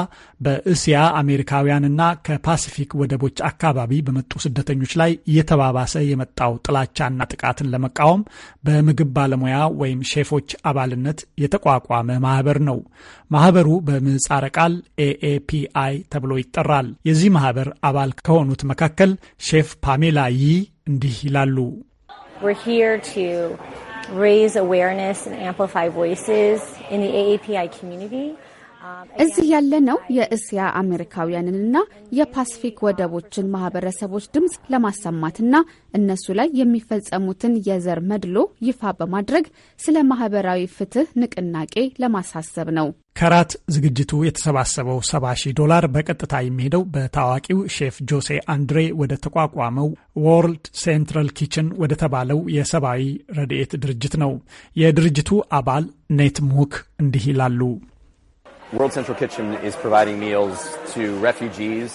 በእስያ አሜሪካውያንና ከፓሲፊክ ወደቦች አካባቢ በመጡ ስደተኞች ላይ እየተባባሰ የመጣው ጥላቻና ጥቃትን ለመቃወም በምግብ ባለሙያ ወይም ሼፎች አባልነት የተቋቋመ ማህበር ነው። ማህበሩ በምህጻረ ቃል ኤኤፒአይ ተብሎ ይጠራል። የዚህ ማህበር አባል ከሆኑት መካከል ሼፍ ፓሜላ ይ እንዲህ ይላሉ። raise awareness and amplify voices in the AAPI community. እዚህ ያለነው የእስያ አሜሪካውያንንና የፓስፊክ ወደቦችን ማህበረሰቦች ድምፅ ለማሰማትና እነሱ ላይ የሚፈጸሙትን የዘር መድሎ ይፋ በማድረግ ስለ ማህበራዊ ፍትህ ንቅናቄ ለማሳሰብ ነው። ከራት ዝግጅቱ የተሰባሰበው 70 ሺህ ዶላር በቀጥታ የሚሄደው በታዋቂው ሼፍ ጆሴ አንድሬ ወደ ተቋቋመው ወርልድ ሴንትራል ኪችን ወደ ተባለው የሰብአዊ ረድኤት ድርጅት ነው። የድርጅቱ አባል ኔት ሙክ እንዲህ ይላሉ። World Central Kitchen is providing meals to refugees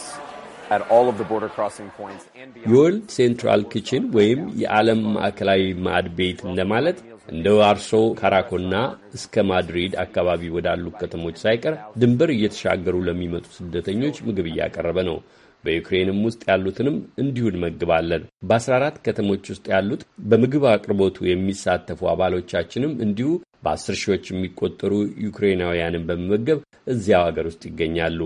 at all of the border crossing points and beyond. የወርልድ ሴንትራል ኪችን ወይም የዓለም ማዕከላዊ ማዕድ ቤት ለማለት እንደ ዋርሶ ካራኮና እስከ ማድሪድ አካባቢ ወዳሉ ከተሞች ሳይቀር ድንበር እየተሻገሩ ለሚመጡ ስደተኞች ምግብ እያቀረበ ነው። በዩክሬንም ውስጥ ያሉትንም እንዲሁ እንመግባለን። በ14 ከተሞች ውስጥ ያሉት በምግብ አቅርቦቱ የሚሳተፉ አባሎቻችንም እንዲሁ በአስር ሺዎች የሚቆጠሩ ዩክሬናውያንን በመመገብ እዚያው ሀገር ውስጥ ይገኛሉ።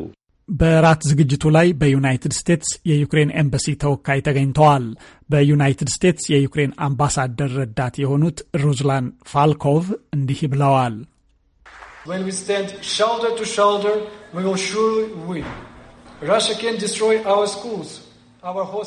በራት ዝግጅቱ ላይ በዩናይትድ ስቴትስ የዩክሬን ኤምባሲ ተወካይ ተገኝተዋል። በዩናይትድ ስቴትስ የዩክሬን አምባሳደር ረዳት የሆኑት ሩዝላን ፋልኮቭ እንዲህ ብለዋል።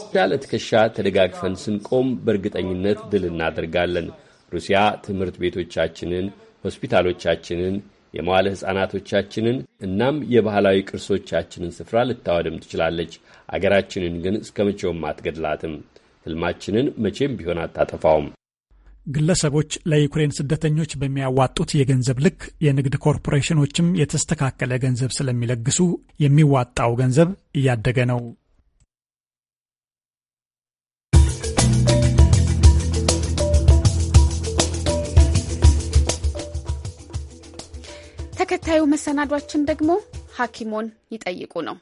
ትከሻ ለትከሻ ተደጋግፈን ስንቆም በእርግጠኝነት ድል እናደርጋለን። ሩሲያ ትምህርት ቤቶቻችንን፣ ሆስፒታሎቻችንን፣ የመዋለ ሕፃናቶቻችንን እናም የባህላዊ ቅርሶቻችንን ስፍራ ልታወድም ትችላለች። አገራችንን ግን እስከ መቼውም አትገድላትም። ህልማችንን መቼም ቢሆን አታጠፋውም። ግለሰቦች ለዩክሬን ስደተኞች በሚያዋጡት የገንዘብ ልክ የንግድ ኮርፖሬሽኖችም የተስተካከለ ገንዘብ ስለሚለግሱ የሚዋጣው ገንዘብ እያደገ ነው። ተከታዩ መሰናዷችን ደግሞ ሐኪሞን ይጠይቁ ነው።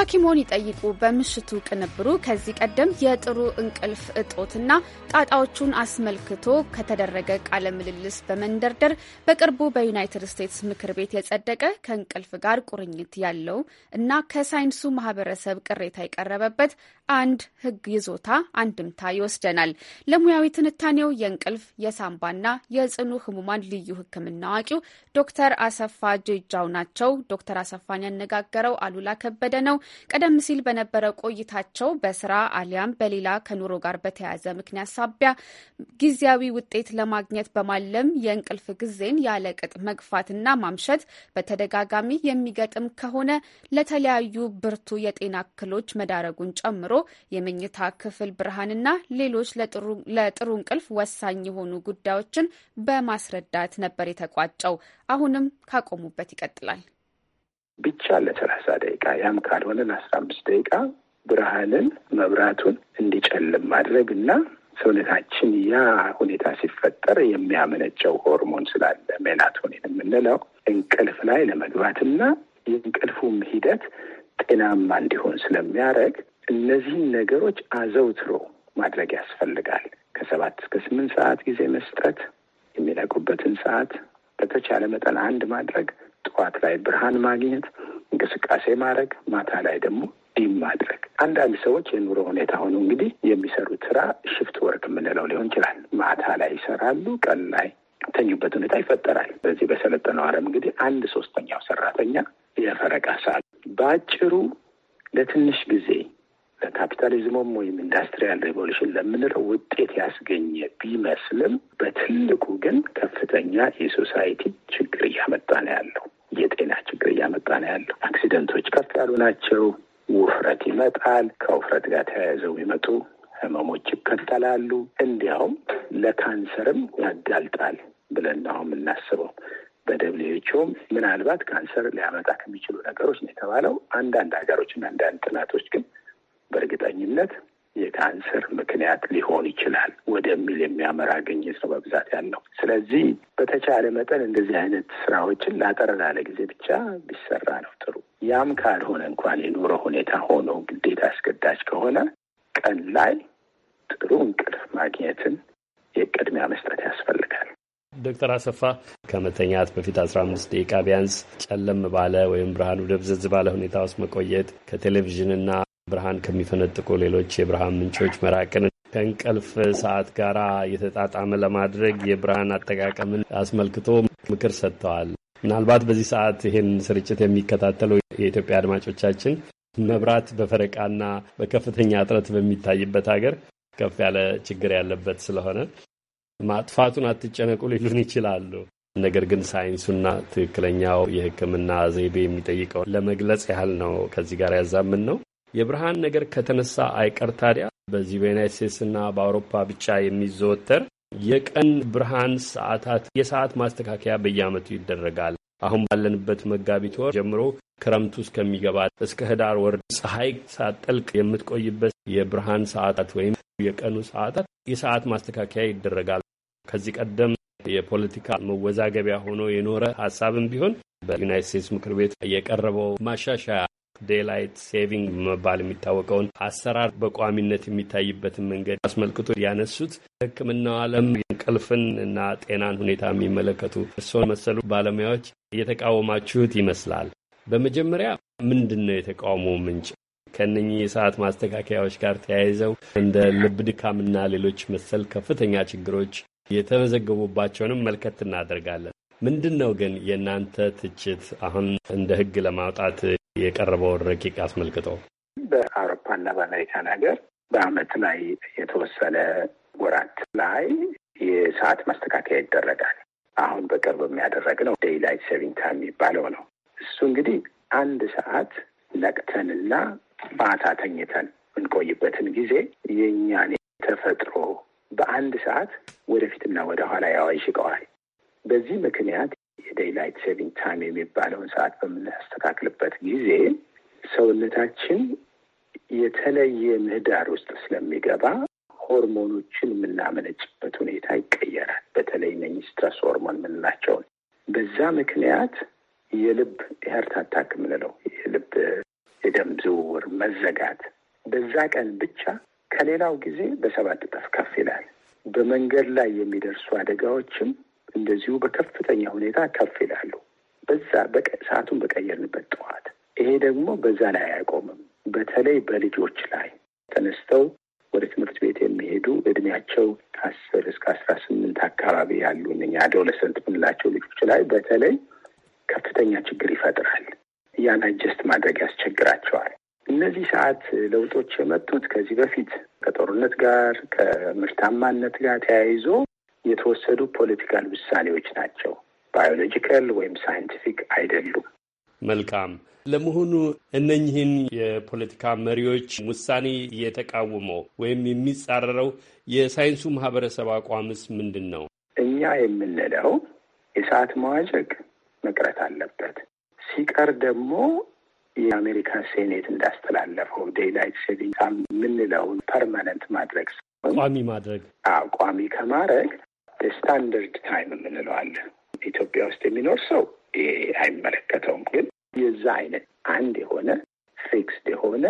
ሐኪሞን ይጠይቁ በምሽቱ ቅንብሩ ከዚህ ቀደም የጥሩ እንቅልፍ እጦትና ጣጣዎቹን አስመልክቶ ከተደረገ ቃለ ምልልስ በመንደርደር በቅርቡ በዩናይትድ ስቴትስ ምክር ቤት የጸደቀ ከእንቅልፍ ጋር ቁርኝት ያለው እና ከሳይንሱ ማህበረሰብ ቅሬታ የቀረበበት አንድ ሕግ ይዞታ አንድምታ ይወስደናል። ለሙያዊ ትንታኔው የእንቅልፍ የሳምባና የጽኑ ህሙማን ልዩ ሕክምና አዋቂው ዶክተር አሰፋ ጄጃው ናቸው። ዶክተር አሰፋን ያነጋገረው አሉላ ከበደ ነው። ቀደም ሲል በነበረ ቆይታቸው በስራ አሊያም በሌላ ከኑሮ ጋር በተያያዘ ምክንያት ሳቢያ ጊዜያዊ ውጤት ለማግኘት በማለም የእንቅልፍ ጊዜን ያለቅጥ መግፋትና ማምሸት በተደጋጋሚ የሚገጥም ከሆነ ለተለያዩ ብርቱ የጤና እክሎች መዳረጉን ጨምሮ የመኝታ ክፍል ብርሃንና ሌሎች ለጥሩ እንቅልፍ ወሳኝ የሆኑ ጉዳዮችን በማስረዳት ነበር የተቋጨው። አሁንም ካቆሙበት ይቀጥላል። ብቻ ለሰላሳ ደቂቃ ያም ካልሆነ ለአስራ አምስት ደቂቃ ብርሃንን መብራቱን እንዲጨልም ማድረግ እና ሰውነታችን ያ ሁኔታ ሲፈጠር የሚያመነጨው ሆርሞን ስላለ ሜላቶኒን የምንለው እንቅልፍ ላይ ለመግባትና የእንቅልፉም ሂደት ጤናማ እንዲሆን ስለሚያደርግ እነዚህን ነገሮች አዘውትሮ ማድረግ ያስፈልጋል። ከሰባት እስከ ስምንት ሰዓት ጊዜ መስጠት፣ የሚነቁበትን ሰዓት በተቻለ መጠን አንድ ማድረግ ጠዋት ላይ ብርሃን ማግኘት፣ እንቅስቃሴ ማድረግ፣ ማታ ላይ ደግሞ ዲም ማድረግ። አንዳንድ ሰዎች የኑሮ ሁኔታ ሆኖ እንግዲህ የሚሰሩት ስራ ሽፍት ወርክ የምንለው ሊሆን ይችላል። ማታ ላይ ይሰራሉ፣ ቀን ላይ ተኙበት ሁኔታ ይፈጠራል። በዚህ በሰለጠነው ዓለም እንግዲህ አንድ ሶስተኛው ሰራተኛ የፈረቃ ሰዓት በአጭሩ ለትንሽ ጊዜ ለካፒታሊዝሙም ወይም ኢንዱስትሪያል ሪቮሉሽን ለምንለው ውጤት ያስገኘ ቢመስልም በትልቁ ግን ከፍተኛ የሶሳይቲ ችግር እያመጣ ነው ያለው። የጤና ችግር እያመጣ ነው ያለው። አክሲደንቶች ከፍ ያሉ ናቸው። ውፍረት ይመጣል። ከውፍረት ጋር ተያይዘው የሚመጡ ህመሞች ይከተላሉ። እንዲያውም ለካንሰርም ያጋልጣል ብለን ነው የምናስበው። በደብሊውኤችኦም ምናልባት ካንሰር ሊያመጣ ከሚችሉ ነገሮች ነው የተባለው። አንዳንድ ሀገሮች እና አንዳንድ ጥናቶች ግን በእርግጠኝነት የካንሰር ምክንያት ሊሆን ይችላል ወደሚል የሚያመራ ግኝት ነው በብዛት ያለው። ስለዚህ በተቻለ መጠን እንደዚህ አይነት ስራዎችን ላጠር ላለ ጊዜ ብቻ ቢሰራ ነው ጥሩ። ያም ካልሆነ እንኳን የኑሮ ሁኔታ ሆኖ ግዴታ አስገዳጅ ከሆነ ቀን ላይ ጥሩ እንቅልፍ ማግኘትን የቅድሚያ መስጠት ያስፈልጋል። ዶክተር አሰፋ ከመተኛት በፊት አስራ አምስት ደቂቃ ቢያንስ ጨለም ባለ ወይም ብርሃኑ ደብዘዝ ባለ ሁኔታ ውስጥ መቆየት ከቴሌቪዥንና ብርሃን ከሚፈነጥቁ ሌሎች የብርሃን ምንጮች መራቅን ከእንቅልፍ ሰዓት ጋር የተጣጣመ ለማድረግ የብርሃን አጠቃቀምን አስመልክቶ ምክር ሰጥተዋል። ምናልባት በዚህ ሰዓት ይህን ስርጭት የሚከታተሉ የኢትዮጵያ አድማጮቻችን መብራት በፈረቃና በከፍተኛ እጥረት በሚታይበት ሀገር ከፍ ያለ ችግር ያለበት ስለሆነ ማጥፋቱን አትጨነቁ ሊሉን ይችላሉ። ነገር ግን ሳይንሱና ትክክለኛው የሕክምና ዘይቤ የሚጠይቀው ለመግለጽ ያህል ነው። ከዚህ ጋር ያዛምን ነው። የብርሃን ነገር ከተነሳ አይቀር ታዲያ በዚህ በዩናይት ስቴትስና በአውሮፓ ብቻ የሚዘወተር የቀን ብርሃን ሰዓታት የሰዓት ማስተካከያ በየዓመቱ ይደረጋል። አሁን ባለንበት መጋቢት ወር ጀምሮ ክረምቱ እስከሚገባ እስከ ህዳር ወር ፀሐይ ሳጠልቅ የምትቆይበት የብርሃን ሰዓታት ወይም የቀኑ ሰዓታት የሰዓት ማስተካከያ ይደረጋል። ከዚህ ቀደም የፖለቲካ መወዛገቢያ ሆኖ የኖረ ሀሳብም ቢሆን በዩናይት ስቴትስ ምክር ቤት የቀረበው ማሻሻያ ዴላይት ሴቪንግ በመባል የሚታወቀውን አሰራር በቋሚነት የሚታይበትን መንገድ አስመልክቶ ያነሱት ሕክምናው ዓለም እንቅልፍን እና ጤናን ሁኔታ የሚመለከቱ እርስዎን መሰሉ ባለሙያዎች የተቃወማችሁት ይመስላል። በመጀመሪያ ምንድን ነው የተቃውሞ ምንጭ? ከነኚ የሰዓት ማስተካከያዎች ጋር ተያይዘው እንደ ልብ ድካምና ሌሎች መሰል ከፍተኛ ችግሮች የተመዘገቡባቸውንም መልከት እናደርጋለን። ምንድን ነው ግን የእናንተ ትችት? አሁን እንደ ህግ ለማውጣት የቀረበውን ረቂቅ አስመልክቶ በአውሮፓና በአሜሪካን ሀገር በአመት ላይ የተወሰነ ወራት ላይ የሰዓት ማስተካከያ ይደረጋል። አሁን በቅርብ የሚያደረግነው ዴይላይት ሴቪንግ ታይም የሚባለው ነው። እሱ እንግዲህ አንድ ሰዓት ነቅተንና ማታ ተኝተን የምንቆይበትን ጊዜ የእኛን ተፈጥሮ በአንድ ሰዓት ወደፊትና ወደኋላ ኋላ በዚህ ምክንያት የዴይላይት ሴቪንግ ታይም የሚባለውን ሰዓት በምናስተካክልበት ጊዜ ሰውነታችን የተለየ ምህዳር ውስጥ ስለሚገባ ሆርሞኖችን የምናመነጭበት ሁኔታ ይቀየራል። በተለይ ነኝ ስትረስ ሆርሞን የምንላቸውን በዛ ምክንያት የልብ ሄርት አታክ የምንለው የልብ የደም ዝውውር መዘጋት በዛ ቀን ብቻ ከሌላው ጊዜ በሰባት እጥፍ ከፍ ይላል። በመንገድ ላይ የሚደርሱ አደጋዎችም እንደዚሁ በከፍተኛ ሁኔታ ከፍ ይላሉ። በዛ ሰዓቱን በቀየርንበት ጠዋት ይሄ ደግሞ በዛ ላይ አያቆምም። በተለይ በልጆች ላይ ተነስተው ወደ ትምህርት ቤት የሚሄዱ እድሜያቸው ከአስር እስከ አስራ ስምንት አካባቢ ያሉ እነኛ አዶለሰንት ምንላቸው ልጆች ላይ በተለይ ከፍተኛ ችግር ይፈጥራል። ያን አጀስት ማድረግ ያስቸግራቸዋል። እነዚህ ሰዓት ለውጦች የመጡት ከዚህ በፊት ከጦርነት ጋር ከምርታማነት ጋር ተያይዞ የተወሰዱ ፖለቲካል ውሳኔዎች ናቸው። ባዮሎጂካል ወይም ሳይንቲፊክ አይደሉም። መልካም። ለመሆኑ እነኝህን የፖለቲካ መሪዎች ውሳኔ የተቃወመው ወይም የሚጻረረው የሳይንሱ ማህበረሰብ አቋምስ ምንድን ነው? እኛ የምንለው የሰዓት መዋዠቅ መቅረት አለበት። ሲቀር ደግሞ የአሜሪካ ሴኔት እንዳስተላለፈው ዴይላይት ሴቪንግ የምንለውን ፐርማነንት ማድረግ ቋሚ ማድረግ ቋሚ ከማድረግ ስታንደርድ ታይም የምንለው ኢትዮጵያ ውስጥ የሚኖር ሰው አይመለከተውም። ግን የዛ አይነት አንድ የሆነ ፊክስድ የሆነ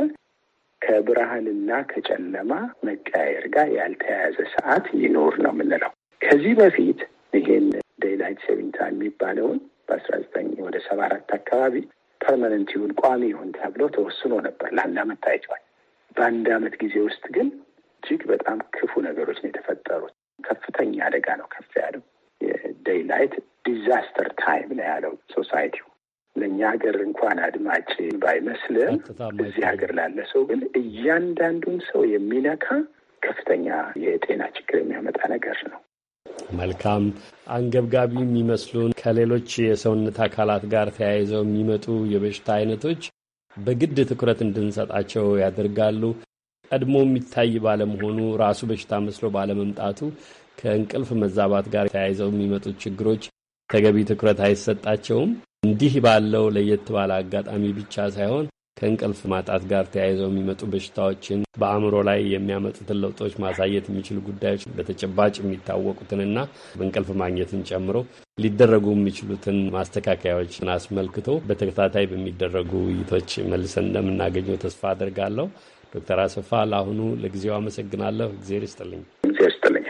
ከብርሃንና ከጨለማ መቀያየር ጋር ያልተያያዘ ሰዓት ይኖር ነው የምንለው። ከዚህ በፊት ይሄን ዴይላይት ሴቪንግ ታይም የሚባለውን በአስራ ዘጠኝ ወደ ሰባ አራት አካባቢ ፐርማነንት ይሁን ቋሚ ይሁን ተብሎ ተወስኖ ነበር። ለአንድ አመት ታይቷል። በአንድ አመት ጊዜ ውስጥ ግን እጅግ በጣም ክፉ ነገሮች ነው የተፈጠሩት። ከፍተኛ አደጋ ነው ከፍ ያለው። የዴይላይት ዲዛስተር ታይም ነው ያለው ሶሳይቲው። ለእኛ ሀገር እንኳን አድማጭ ባይመስልም እዚህ ሀገር ላለ ሰው ግን እያንዳንዱን ሰው የሚነካ ከፍተኛ የጤና ችግር የሚያመጣ ነገር ነው። መልካም አንገብጋቢ የሚመስሉን ከሌሎች የሰውነት አካላት ጋር ተያይዘው የሚመጡ የበሽታ አይነቶች በግድ ትኩረት እንድንሰጣቸው ያደርጋሉ። ቀድሞ የሚታይ ባለመሆኑ ራሱ በሽታ መስሎ ባለመምጣቱ ከእንቅልፍ መዛባት ጋር ተያይዘው የሚመጡ ችግሮች ተገቢ ትኩረት አይሰጣቸውም። እንዲህ ባለው ለየት ባለ አጋጣሚ ብቻ ሳይሆን ከእንቅልፍ ማጣት ጋር ተያይዘው የሚመጡ በሽታዎችን በአእምሮ ላይ የሚያመጡትን ለውጦች ማሳየት የሚችሉ ጉዳዮች በተጨባጭ የሚታወቁትንና በእንቅልፍ ማግኘትን ጨምሮ ሊደረጉ የሚችሉትን ማስተካከያዎችን አስመልክቶ በተከታታይ በሚደረጉ ውይይቶች መልሰን እንደምናገኘው ተስፋ አድርጋለሁ። ዶክተር አሰፋ ለአሁኑ ለጊዜው አመሰግናለሁ። እግዜር ይስጥልኝ። እግዜር ይስጥልኝ።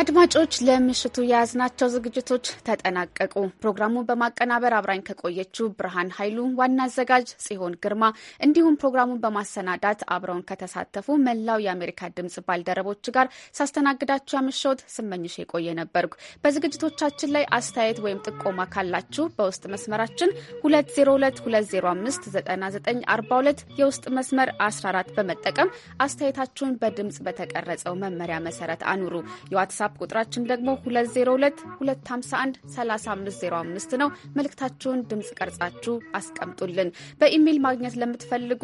አድማጮች ለምሽቱ የያዝናቸው ዝግጅቶች ተጠናቀቁ። ፕሮግራሙን በማቀናበር አብራኝ ከቆየችው ብርሃን ኃይሉ፣ ዋና አዘጋጅ ጽዮን ግርማ እንዲሁም ፕሮግራሙን በማሰናዳት አብረውን ከተሳተፉ መላው የአሜሪካ ድምጽ ባልደረቦች ጋር ሳስተናግዳችሁ ያመሸሁት ስመኝሽ የቆየ ነበርኩ። በዝግጅቶቻችን ላይ አስተያየት ወይም ጥቆማ ካላችሁ በውስጥ መስመራችን 2022059942 የውስጥ መስመር 14 በመጠቀም አስተያየታችሁን በድምጽ በተቀረጸው መመሪያ መሰረት አኑሩ። የዋትሳ ዋትሳፕ ቁጥራችን ደግሞ 2022513505 ነው። መልእክታችሁን ድምፅ ቀርጻችሁ አስቀምጡልን። በኢሜይል ማግኘት ለምትፈልጉ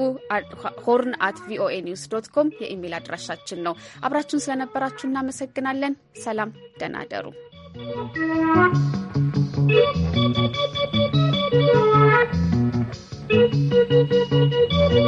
ሆርን አት ቪኦኤ ኒውስ ዶት ኮም የኢሜይል አድራሻችን ነው። አብራችሁን ስለነበራችሁ እናመሰግናለን። ሰላም፣ ደህና እደሩ።